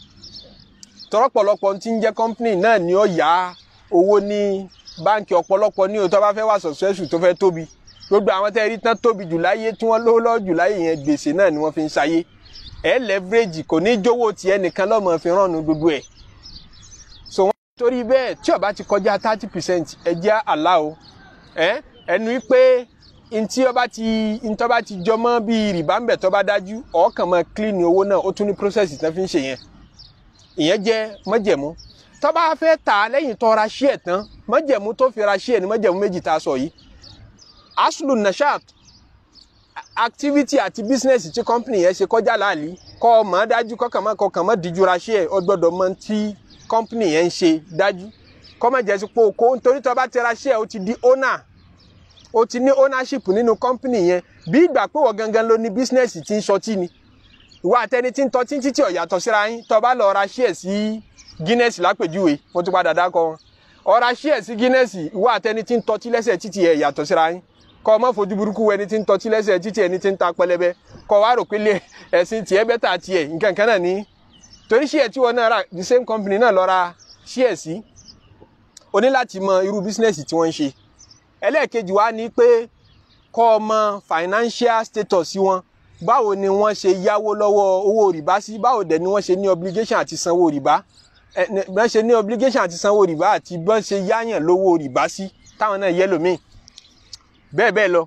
tọ́rọ̀pọ̀lọpọ̀ ti ń jẹ́ company náà ni ó yá owó ní báǹkì ọ̀pọ̀lọpọ̀ ní òtọ́ bá fẹ́ wà successful tó fẹ́ tóbi gbogbo àwọn tẹ́ẹ̀rí tán tóbi jù láyé tí wọ́n lówó lọ́ọ́ jù láyé yẹn gbèsè náà ni wọ́n fi ń ṣayé ẹ lẹ́fírẹ́jì kò ní jówó tiẹ̀ nìkan lọ́mọ fi rànnù gbogbo ẹ̀ so wọ́n torí bẹ́ẹ̀ tí ó bá ti kọjá thirty percent ẹ jẹ́ àlá o ẹnu pé ntí ó bá ti ntọ́ bá ti jọmọ́ bíi rìbá ń dájú ọ̀ọ́kàn máa clean owó náà ó tún ní process tí wọ́n fi ń ṣe yẹn ìyẹn jẹ́ májẹ̀mú tó bá fẹ́ tà á lẹ́yìn tó ra ṣíẹ̀ tán májẹ̀mú tó fi ra ṣíẹ̀ ní májẹ̀mú méjì tá sọ yìí aslun nashat activity àti business tí company yẹn ṣe kọjá láàlí kọ́ ọ mọ̀ dájú kọ́kàn mọ́ kọ́kàn mọ́ díjúra ṣe ẹ̀ ọ gbọ́dọ̀ mọ̀ tí company yẹn ń ṣe dájú kọ́mọ̀ jẹ́ sí pé òkò nítorí tó bá tẹra ṣe ẹ̀ ó ti di owner ó ti ní ownership nínú company yẹn bí ìgbà pé wọ́n gangan ló ní business tí ń ṣọtí ni ìwọ àtẹni tí ń tọ́tí títí ọ̀yàtọ̀ síra yín tó bá lọ ra ṣe ẹ̀ sí Guinness lápèjúwe mo ti padà dákọ̀ wọn ọ̀ra ṣe ẹ̀ sí Guinness ìwọ àtẹni tí ń tọ́tí lẹ́sẹ̀ títí ẹ̀ yàtọ̀ síra yín kọ́ ọmọ fojú burúkú ẹni tí ń tọ́tí lẹ́sẹ̀ títí ẹni tí ń ta pẹlẹbẹ kọ́ wá rò pé lé ẹ̀sìn tiẹ̀ bẹ́tà tiẹ̀ nǹkan kan náà ní torí ṣíẹ̀ tí wọ́n náà ra the same company náà lọ ra ṣíẹ̀ sí o ní láti mọ irú bísínẹ́sì tí wọ́n ń ṣe ẹlẹ́ẹ̀kejì wá ní pé kọ́ ọmọ financial status wọn báwo ni wọ́n ṣe yáwó lọ́wọ́ owó rìbá sí báwo dẹ̀ ni wọ́n ṣe ní obligation àti sanwó rìbá bọ́n ṣe ní obligation àti sanwó rìbá àti bọ́n ṣe yáyàn lówó rìbá sí táwọn náà yẹ lómìn bẹ́ẹ̀ bẹ́ẹ̀ lọ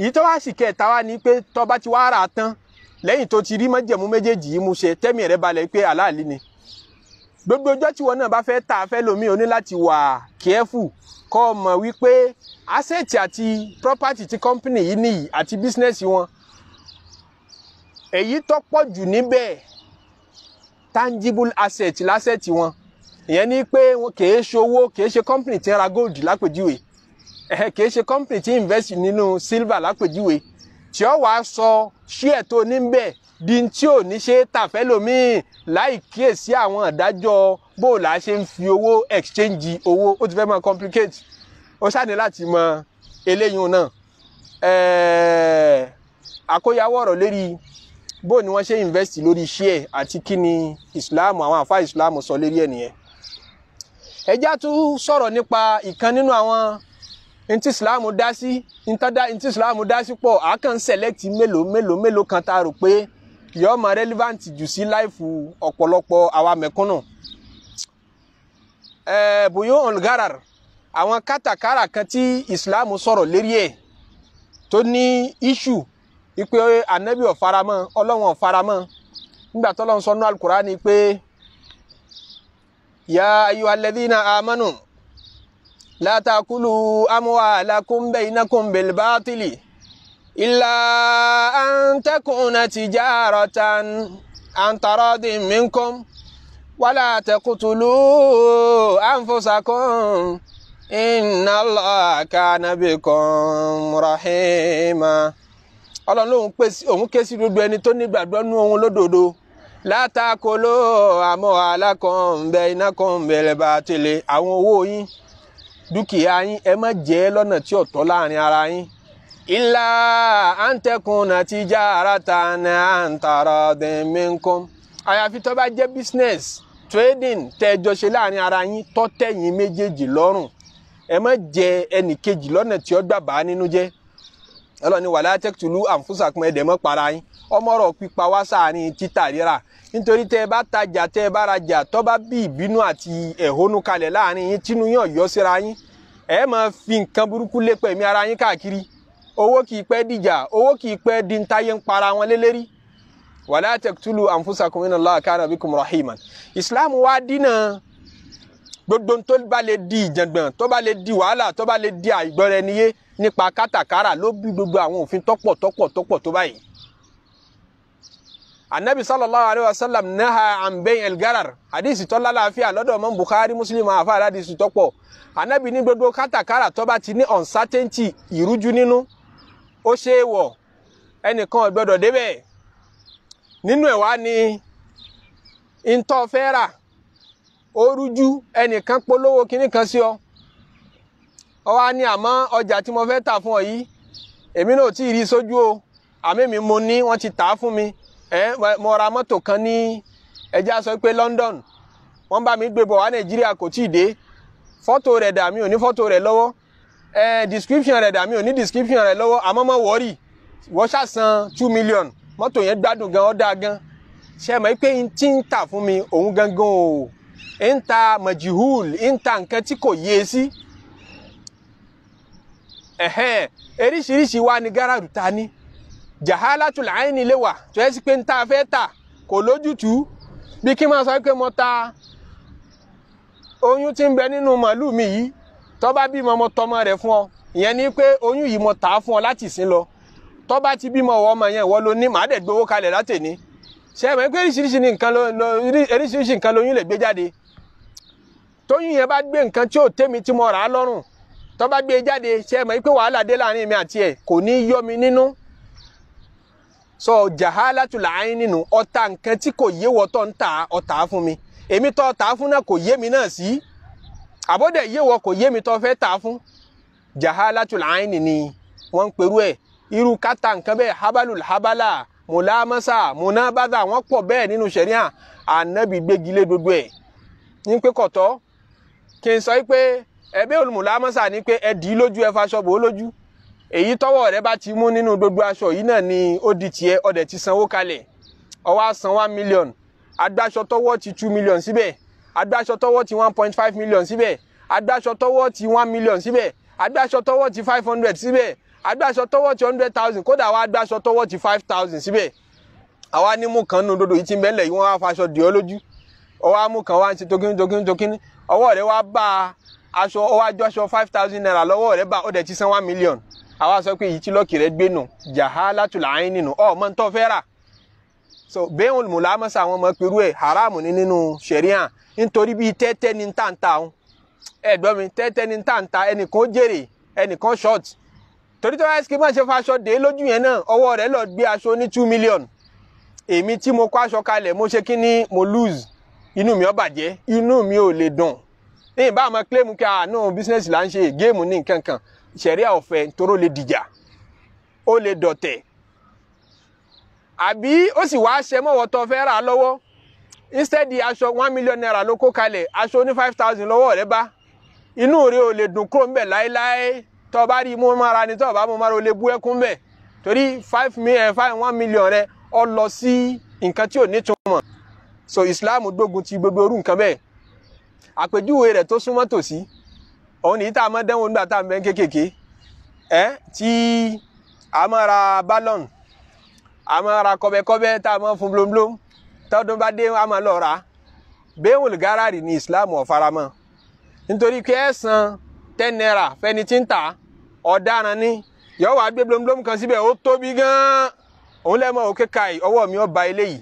èyí tó wá sì kẹta wá ni pé tó bá ti wá rà á tán lẹ́yìn tó ti rí májẹ̀mú méjèèjì yìí mú ṣe tẹ́mi rẹ̀ balẹ̀ pé aláàlí ni gbogbo ọjọ́ tí wọn náà bá fẹ́ ta fẹ́ lomi o ní láti wà kẹ́ẹ̀fù kọ́ ọ mọ̀ wípé asset àti property ti company yìí nìyí àti business wọn èyí tó pọ̀ jù níbẹ̀ tangible asset lásẹ̀tì wọn ìyẹn ni pé wọn kì í ṣe owó kì í ṣe company tí ń ra gold lápèjúwe ẹ eh, kì í ṣe company tí invest nínú silver lápèjúwe tí ó wàá sọ share tó ní bẹ́ẹ̀ di tí ò ní ṣe tàfẹ́ lómìn láì kíyèsí àwọn ìdájọ́ bó o là ṣe ń fi owó exchange owó ó ti fẹ́ máa complicate ó ṣàní láti mọ eléyìí náà eh, àkóyawọ́ ọ̀rọ̀ lérí bó ni wọ́n ṣe invest lórí share àti kí ni Islam àwọn àfa Islam sọ lérí ẹ̀ nìyẹn ẹ já tún sọ̀rọ̀ nípa ìkan nínú àwọn ntí islam dá sí ntí islam dá sí pọ̀ àákàn select mélòó mélòó mélòó kan tá a rò pé yóò máa relevant jù sí láìfù ọ̀pọ̀lọpọ̀ àwa mẹ̀kúnnù. Eh, buyo olgarar àwọn kátàkárà kan tí islam sọ̀rọ̀ lérí ẹ̀ tó ní iṣu ipe anabi ọ̀faramọ́ ọlọ́wọ̀n ọ̀faramọ́ nígbà tọ́lọ́ ń sọ nú alukurani pé ya ayyuhalladhina amanu. لا تأكلوا أموالكم بينكم بالباطل إلا أن تكون تجارة عن تراض منكم ولا تقتلوا أنفسكم إن الله كان بكم رحيما ọlọ́run lòun pè sí òun ké sí gbogbo ẹni tó nígbàgbọ́ nú òun lódodo látàkó ló àmọ́ alákọ̀ọ́ńbẹ àwọn owó yín dúkìá yín ẹ má jẹ ẹ́ lọ́nà tí ò tọ́ láàrin ara yín ilà àǹtẹ̀kùnà ti ara ta ní àǹtàrà dẹ̀mẹ́ńkọ́ àyàfi tó bá jẹ́ business trading tẹ́jọ ṣe láàrin ara yín tó tẹ́ yín méjèèjì lọ́rùn ẹ má jẹ ẹnì kejì lọ́nà tí ó gbàbá nínú jẹ́ ọlọ́ni wàlá tẹ́kítùlù àǹfùsàkùn ẹ̀dẹ̀ para yín ọmọ ọ̀rọ̀ pípa wá sáà ní títà rírà nítorí tẹ́ ẹ bá tajà tẹ́ ẹ bá rajà tó bá bí ìbínú àti ẹ̀hónú kalẹ̀ láàrin yín tínú yín ọ̀yọ́ síra yín ẹ máa fi nǹkan burúkú lépa ẹ̀mí ara yín káàkiri owó kì í pẹ́ dìjà owó kì í di ń táyé ń para wọn lélẹ́rí wàlá taqtulu anfusakum inna Allaha kana bikum rahiman ìsìláàmù wa dínà gbogbo tó bá lè di ìjàngbọ̀n tó bá lè di wàhálà tó bá lè di àìgbọ́ra ẹniyé nípa kátàkárà ló bí gbogbo àwọn òfin tọ́pọ̀ tọ́pọ̀ tọ́pọ̀ tó báyìí anabi sallallahu alayhi wa sallam naha an bẹ́yìn elgarar hadisi tó lálàáfíà lọ́dọ̀ mọ́ bukhari muslim afa hadisi tó pọ̀ anabi ní gbogbo kátàkárà tó bá ti ní uncertainty ìrújú nínú ó ṣe é wọ̀ ẹnìkan ò gbọdọ̀ débẹ̀ nínú ẹ̀ wá ni ntọ́ fẹ́ rà ó rújú ẹnìkan polówó kinní kan sí ọ ọ wá ní àmọ́ ọjà tí mo fẹ́ tà fún ọ yìí èmi náà ò tí ì rí o àmì mo ní wọ́n ti tà á mi ẹ mo ra mọ́tò kan ní ẹja sọ pé London wọ́n bá mi gbé bọ̀ wá Nàìjíríà kò tí ì dé fọ́tò rẹ̀ dà mí ò ní fọ́tò rẹ̀ lọ́wọ́ ẹ description rẹ̀ dà mí ò ní description rẹ̀ lọ́wọ́ àmọ́ mọ́ wọ́ọ̀rì wọ́n ṣàṣàn two million mọ́tò yẹn gbádùn gan ó gan ṣe mọ̀ pé n ti ń tà fún mi òun gangan o ń ta majihul ń ta nǹkan tí kò yé e sí eríṣiríṣi wa ni gáràdù ta ní jahalatul aini lè wà tó yẹ sí pé ń tá fẹ́ tà kò lójútùú bí kí n máa sọ pé mo ta oyún tí ń bẹ nínú màálù mi yìí tó bímọ mo tọmọ rẹ̀ fún ọ ìyẹn ni pé oyún yìí mo tà á fún ọ láti sin lọ tó bá ti bímọ wọ ọmọ yẹn ìwọ ló ní màá dẹ̀ gbowó kalẹ̀ látẹ̀ni ṣe é mọ̀ pé oríṣiríṣi nǹkan ló oríṣiríṣi nǹkan lóyún lè gbé jáde tóyún yẹn bá gbé nǹkan tí ò tẹ́mi tí mo rà á lọ́rùn tó bá gbé e jáde ṣe é mọ̀ pé wàhálà dé láàrin mi àti ẹ̀ kò ní yọ mi nínú so jahalatul ain nínú ọ̀tá nǹkan tí kò yé wọ́ tó ń ta ọ̀tá fún mi èmi tó ta fún náà kò yé mi náà sí àbọ̀dẹ̀ yé wọ́ kò yé mi tó fẹ́ ta fún jahalatul ain ni wọ́n ń perú irú kátà nǹkan bẹ́ẹ̀ habalul habala mulamasa munabada wọ́n pọ̀ bẹ́ẹ̀ nínú sẹ̀ríà ànábì gbégilé gbogbo ẹ̀ ní pé kọ̀tọ́ kí n sọ pé ẹ̀bẹ́ olùmùlámọ́sà ni pé ẹ dì í lójú ẹ faṣọ bò ó lójú èyí tọ́wọ́ rẹ bá ti mú nínú gbogbo aṣọ yìí náà ni ó di tiẹ̀ ọdẹ ti sanwó kalẹ̀ ó wá san one million agbáṣọ tọ́wọ́ ti two million síbẹ̀ agbáṣọ tọ́wọ́ ti one point five million síbẹ̀ agbáṣọ tọ́wọ́ ti one million síbẹ̀ agbáṣọ tọ́wọ́ ti five hundred síbẹ̀ agbáṣọ tọ́wọ́ ti hundred thousand kódà wá agbáṣọ tọ́wọ́ ti five thousand síbẹ̀ àwa ní mú kan nù dodo yìí ti bẹ́ẹ̀ lẹ̀ yìí wọ́n wá faṣọ dì lójú ọwọ́ amú kan wá ń ṣe tokin tokin tokíní ọwọ́ rẹ wá bá aṣọ ọwọ́ àjọ aṣọ five thousand naira lọ́wọ́ rẹ bá ó ti san one million àwa sọ pé èyí tí lọ́ọ̀kì rẹ gbé nù jahalatul aini nù ọ̀ mọ́ ń tọ́ fẹ́ rà so bẹ́ẹ̀ mùlámọ́sá àwọn ọmọ pẹ̀lú ẹ̀ haram ní nínú ṣẹ̀ríà nítorí bíi tẹ́tẹ́ ní tàǹtà ọ̀hún ẹ̀gbọ́n mi tẹ́tẹ́ ní tàǹtà ẹnìkan jèrè ẹnìkan short torí tó báyìí skimọ̀ ṣe faṣọ dé lójú yẹn náà ọwọ́ rẹ̀ lọ gbé aṣọ ní two million èmi tí mo kó aṣọ kalẹ̀ mo ṣe kí ni mo lose inú mi ò bàjẹ́ inú mi ò lè dùn ní ìbámu claim kí àánú ah, business là ń ṣe géèmù sẹ̀ríà ọ̀fẹ́ nítorí ó lè dìjà ó lè dọ̀tẹ̀ àbí ó sì wáá ṣe mọ́wọ́ tó fẹ́ rà lọ́wọ́ instead aṣọ one million naira ló kó kalẹ̀ aṣọ ní five thousand lọ́wọ́ rẹ bá inú rẹ ò lè dùn kúrò ńbẹ̀ láéláé tó o bá rí mú mara ni tó o bá mú mara o lè bú ẹkún bẹ̀ torí five million eh, five one million rẹ ọ lọ sí nǹkan tí ò ní túmọ̀ so Islam gbógun ti gbogbo orú nǹkan bẹ́ẹ̀ àpèjúwe rẹ̀ tó súnmọ́ tòsí. Si òun ní tá a máa dánwò nígbà tá a mẹ́ kéékèèké ẹ tí a máa ra ballon a máa ra kọ́bẹ́kọ́bẹ́ tá a máa fún blomblom tọ́dún bá dé a máa lọ rà á ní Islam ọ̀faramọ́ nítorí pé ẹ san ten naira fẹ́ni tí ń tà ọ̀daràn ni yọ̀ọ́ wàá gbé blomblom kan síbẹ̀ ó tóbi gan-an òun lẹ́mọ̀ òkè káì ọwọ́ mi ọba eléyìí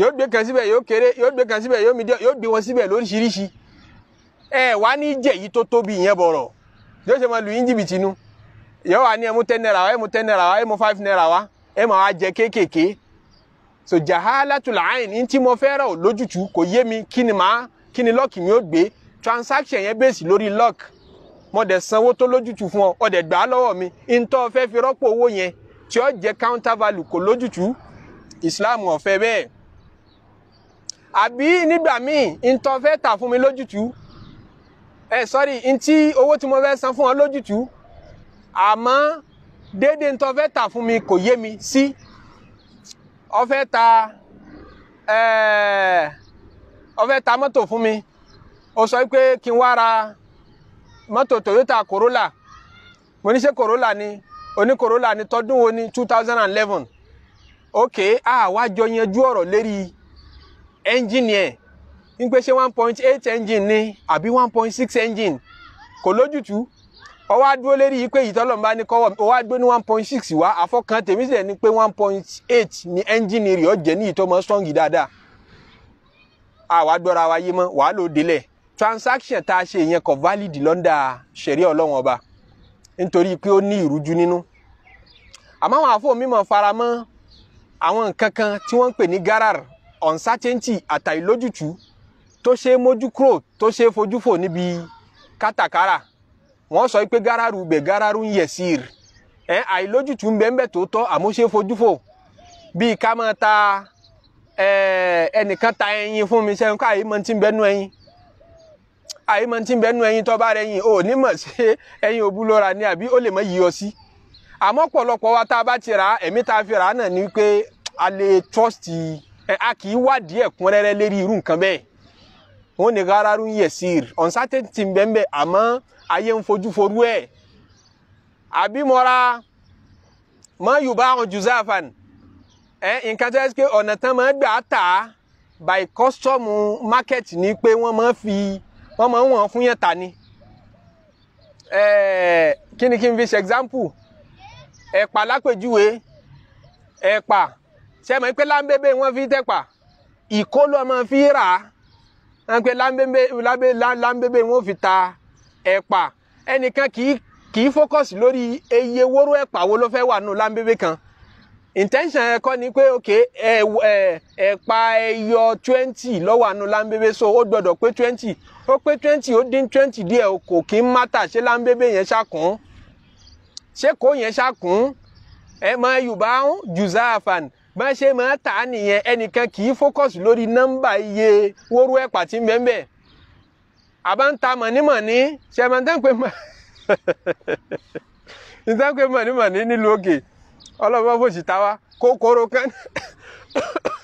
yóò gbé kan síbẹ̀ yóò kéré yóò gbé kan síbẹ̀ yóò gbé wọn síbẹ̀ lóríṣiríṣi ẹ wá ní jẹ yìí tó tóbi yẹn bọ̀rọ̀ yóò ṣe máa lu yín jìbìtì nu yóò wá ní ẹ mú ten naira wá ẹ ten naira wá ẹ five naira wá ẹ máa wá jẹ kéékèèké so jahalatul ain ní tí mo fẹ́ rà ò lójútùú kò yé mi kí ni màá kí ni lọ́ọ̀kì mi ó gbé transaction yẹn bèsì lórí lọ́ọ̀kì mo dẹ̀ sanwó tó lójútùú fún ọ ọ dẹ̀ gbà á lọ́wọ́ mi ntọ́ fẹ́ fi rọ́pò owó yẹn tí ó jẹ́ counter value kò lójútùú Islam ò fẹ́ bẹ́ẹ̀ àbí nígbà míì ntọ́ fẹ́ tà fún mi lójútùú ẹ eh, sọ́rí ntí owó tí mo fẹ́ san fún ọ lójútùú àmọ́ déédéé ntọ́ fẹ́ tà fún mi kò yé mi sí ọ fẹ́ ta ọ eh, fẹ́ ta mọ́tò fún mi ó sọ pé kí n wá ra mọ́tò Toyota Corolla mo ní Corolla ni oní Corolla ni tọdún wo ni two thousand and eleven ok àwa jọ yanjú ọ̀rọ̀ lérí ń pé one point eight engine ni àbí one point six engine kò lójútùú ó wá dúró lérí yìí pé ìtọ́lọ̀ ń bá ní kọ́wọ́ ó wá ní one point six wá àfọkàn tèmi sílẹ̀ ni pé one point eight ni ẹ́ńjìnì rẹ̀ ó jẹ́ ní ìtọ́mọ strong dáadáa àwa gbọ́ra wa yé mọ́ wàá lò délẹ̀ transaction tá a ṣe yẹn kò valid lọ́ndà ṣẹ̀rí ọlọ́wọ́n ọba nítorí pé ó ní ìrújú nínú àmọ́ àwọn àfọ̀ mímọ̀ faramọ́ àwọn nǹkan kan tí wọ́n ń pè ní garar uncertainty àtàìlójútùú tó ṣe é mójú kúrò tó ṣe é fojú fò níbi kátàkárà wọ́n sọ pé gáràrú gbẹ gáràrú ń yẹ̀ sí rì ẹ àìlójútùú ń bẹ ń bẹ tòótọ́ àmọ́ ṣe é fojú fò bíi ká máa ta ẹnìkan ta ẹyin fún mi sẹ́yìn ká àyímọ̀ tí ń bẹ́nu ẹyin àyímọ̀ tí ń bẹ́nu ẹyin tó bá rẹ ẹyin ò ní mọ̀ ṣe ẹyin òbú lọ́ra ni àbí ó lè mọ̀ yí sí àmọ́ pọ̀lọpọ̀ wa tá a bá ti rà ẹ̀mí tá a fi rà náà ni pé a lè trust ẹ a kì í wádìí ẹ̀kúnrẹ́rẹ́ lérí irú nǹkan bẹ́ẹ̀ wọn ní gararu yẹsir uncertainty bẹ́ẹ̀ àmọ́ ayé ń fojú forú ẹ̀ àbímọ́ra mọ́ yorùbá àwọn jùzáfàn ẹ̀ nǹkan tó yẹ kí ọ̀nà tán máa gbà á tà á by custom market ni pé wọ́n máa fi wọ́n máa ń wọ̀n fún yẹn tà ni ẹ̀ kí ni kí n fi ṣe example ẹ̀pà lápèjúwe ẹ̀pà ṣe mọ̀ pé láńbébé wọ́n fi tẹ̀pà ìkólọ́ máa fi rà á wọ́n pe láńbébé wọ́n fi ta ẹ̀pà ẹnìkan kì í kì í fókọ̀sì lórí eye wóró ẹ̀pà wo ló fẹ́ wà nù láńbébé kan intention ẹ kọ́ ni pé ok ẹ ẹ ẹ̀pà ẹyọ twenty lọ́wọ́ àánú láńbébé so ó gbọ́dọ̀ pé twenty ó pé twenty ó dín twenty díẹ̀ kò kí ń mátà ṣé láńbébé yẹn ṣàkún ṣé kò yẹn ṣàkún ẹ mọ yorùbá jùzáfàn bá ṣe máa tà ẹnìkan kì í lórí nọ́mbà iye wóró ta mọ̀nímọ̀ní ṣe máa ń pé mọ̀ <laughs> pé mọ̀nímọ̀ní nílùú òkè ọlọ́mọ fòṣì ta wá kòkòrò kan ní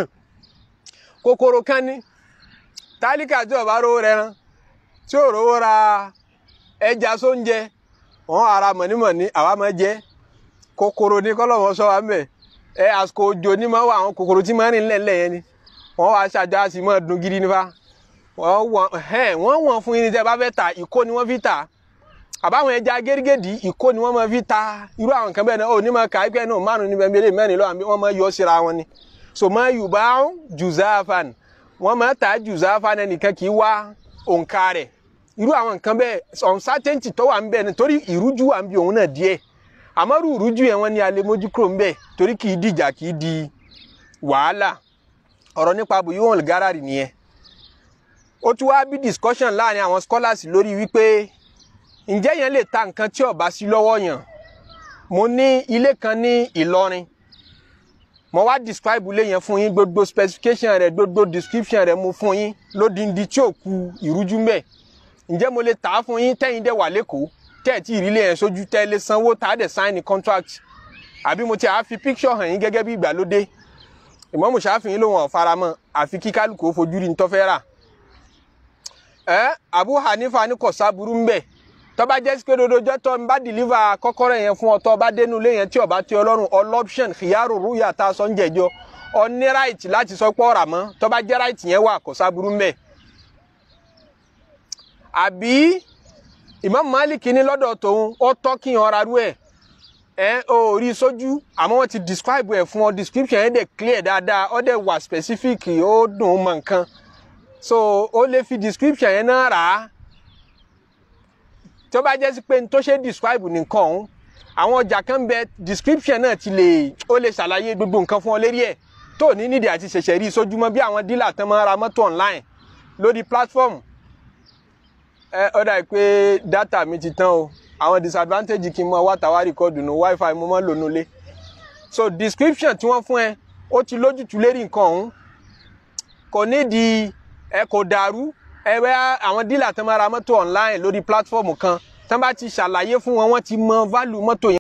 <coughs> kòkòrò kan ní tálíkà tí ọba rówó rẹ rán tí ò rówó ra ẹja sóúnjẹ wọn ara mọ̀nímọ̀ní àwa máa jẹ kòkòrò ní kọ́lọ́mọ sọ ẹ àsìkò òjò ní máa wà àwọn kòkòrò tí máa rìn lẹ́lẹ̀ yẹn ni wọ́n wá ṣàjọ àti máa dùn gidi nípa wọ́n wọ̀n fún yín ní tẹ́ bá fẹ́ ta ìkó ni wọ́n fi ta àbáwọn ẹja gẹ́gẹ́dì ìkó ni wọ́n máa fi ta irú àwọn nǹkan bẹ́ẹ̀ náà ò ní máa kà á pẹ́ márùn níbẹ̀ mẹ́rin mẹ́rin lọ́wọ́ wọ́n máa yọ síra wọn ni so máa yùbá jùzáfàn wọ́n máa ta jùzáfàn ẹnìkan kì í wá òǹkà rẹ̀ irú àwọn bẹ́ẹ̀ ń ìrújú wà ń bi òun náà díẹ̀ àmọ́rù rújú ẹ̀ wọ́n ní alẹ́ mójú kúrò ń bẹ̀ torí kì í dìjà kì í di wàhálà ọ̀rọ̀ nípa Buyuul Garari nìyẹn ó tún wá bí discussion láàrin àwọn scholars lórí wípé ǹjẹ́ yẹn lè ta nǹkan tí ó sí lọ́wọ́ yàn mo ní ilé kan ní Ìlọrin mo wá describe ilé yẹn fún yín gbogbo specification rẹ̀ gbogbo description rẹ̀ mo fún yín lódindi tí ò ku ìrújú mbẹ̀ ǹjẹ́ mo lè tà á fún yín tẹ́yìn dẹ̀ wà lẹ́kọ̀ọ́ tẹ́ ẹ̀ sójú sign contract àbí mo ti à fi picture hàn yín gẹ́gẹ́ bí ìgbàlódé ìmọ̀mù ṣáfihàn ló wọn faramọ́ àfi kí kálukú fojú rí tó rà ẹ Abu Hanifa ní kò sáburú ńbẹ tó bá jẹ́ deliver kọ́kọ́rọ́ yẹn fún ọtọ bá dénú yẹn tí ọlọ́run right láti sọ pé ọ̀rà mọ́ jẹ́ right yẹn Imam Malik ní lọ́dọ̀ tòun ó tọ́ kí ọ̀rá rú ẹ̀ ẹ̀ ò rí sójú àmọ́ wọ́n ti describe ẹ̀ fún ọ description ẹ̀ dẹ̀ clear dáadáa ó dẹ̀ wà specific ó dùn ún mọ nǹkan so ó lè fi description yẹn náà rà á tó bá jẹ́ sí pé n tó ṣe describe nìkan ọ̀hún àwọn ọjà kan bẹ description náà ti lè ó lè ṣàlàyé gbogbo nǹkan fún ọ lérí ẹ̀ tó ní nídìí àti ṣẹ̀ṣẹ̀ rí sójúmọ́ bí àwọn dílà tán máa ra mọ́tò online lórí platform ẹ ọ dà pé dátà mi ti tán o àwọn disadvantage kí n mọ wá tàwa rìkọ́dù nù wifi mo mọ́ lónú lé so description tí wọ́n fún ẹ ó ti lójútu lérí nǹkan ọ̀hún kò nídìí ẹ kò dàrú ẹ bẹ́ àwọn dílà tó máa ra mọ́tò online lórí platform kan tán bá ti ṣàlàyé fún wọn wọ́n ti mọ value mọ́tò yẹn.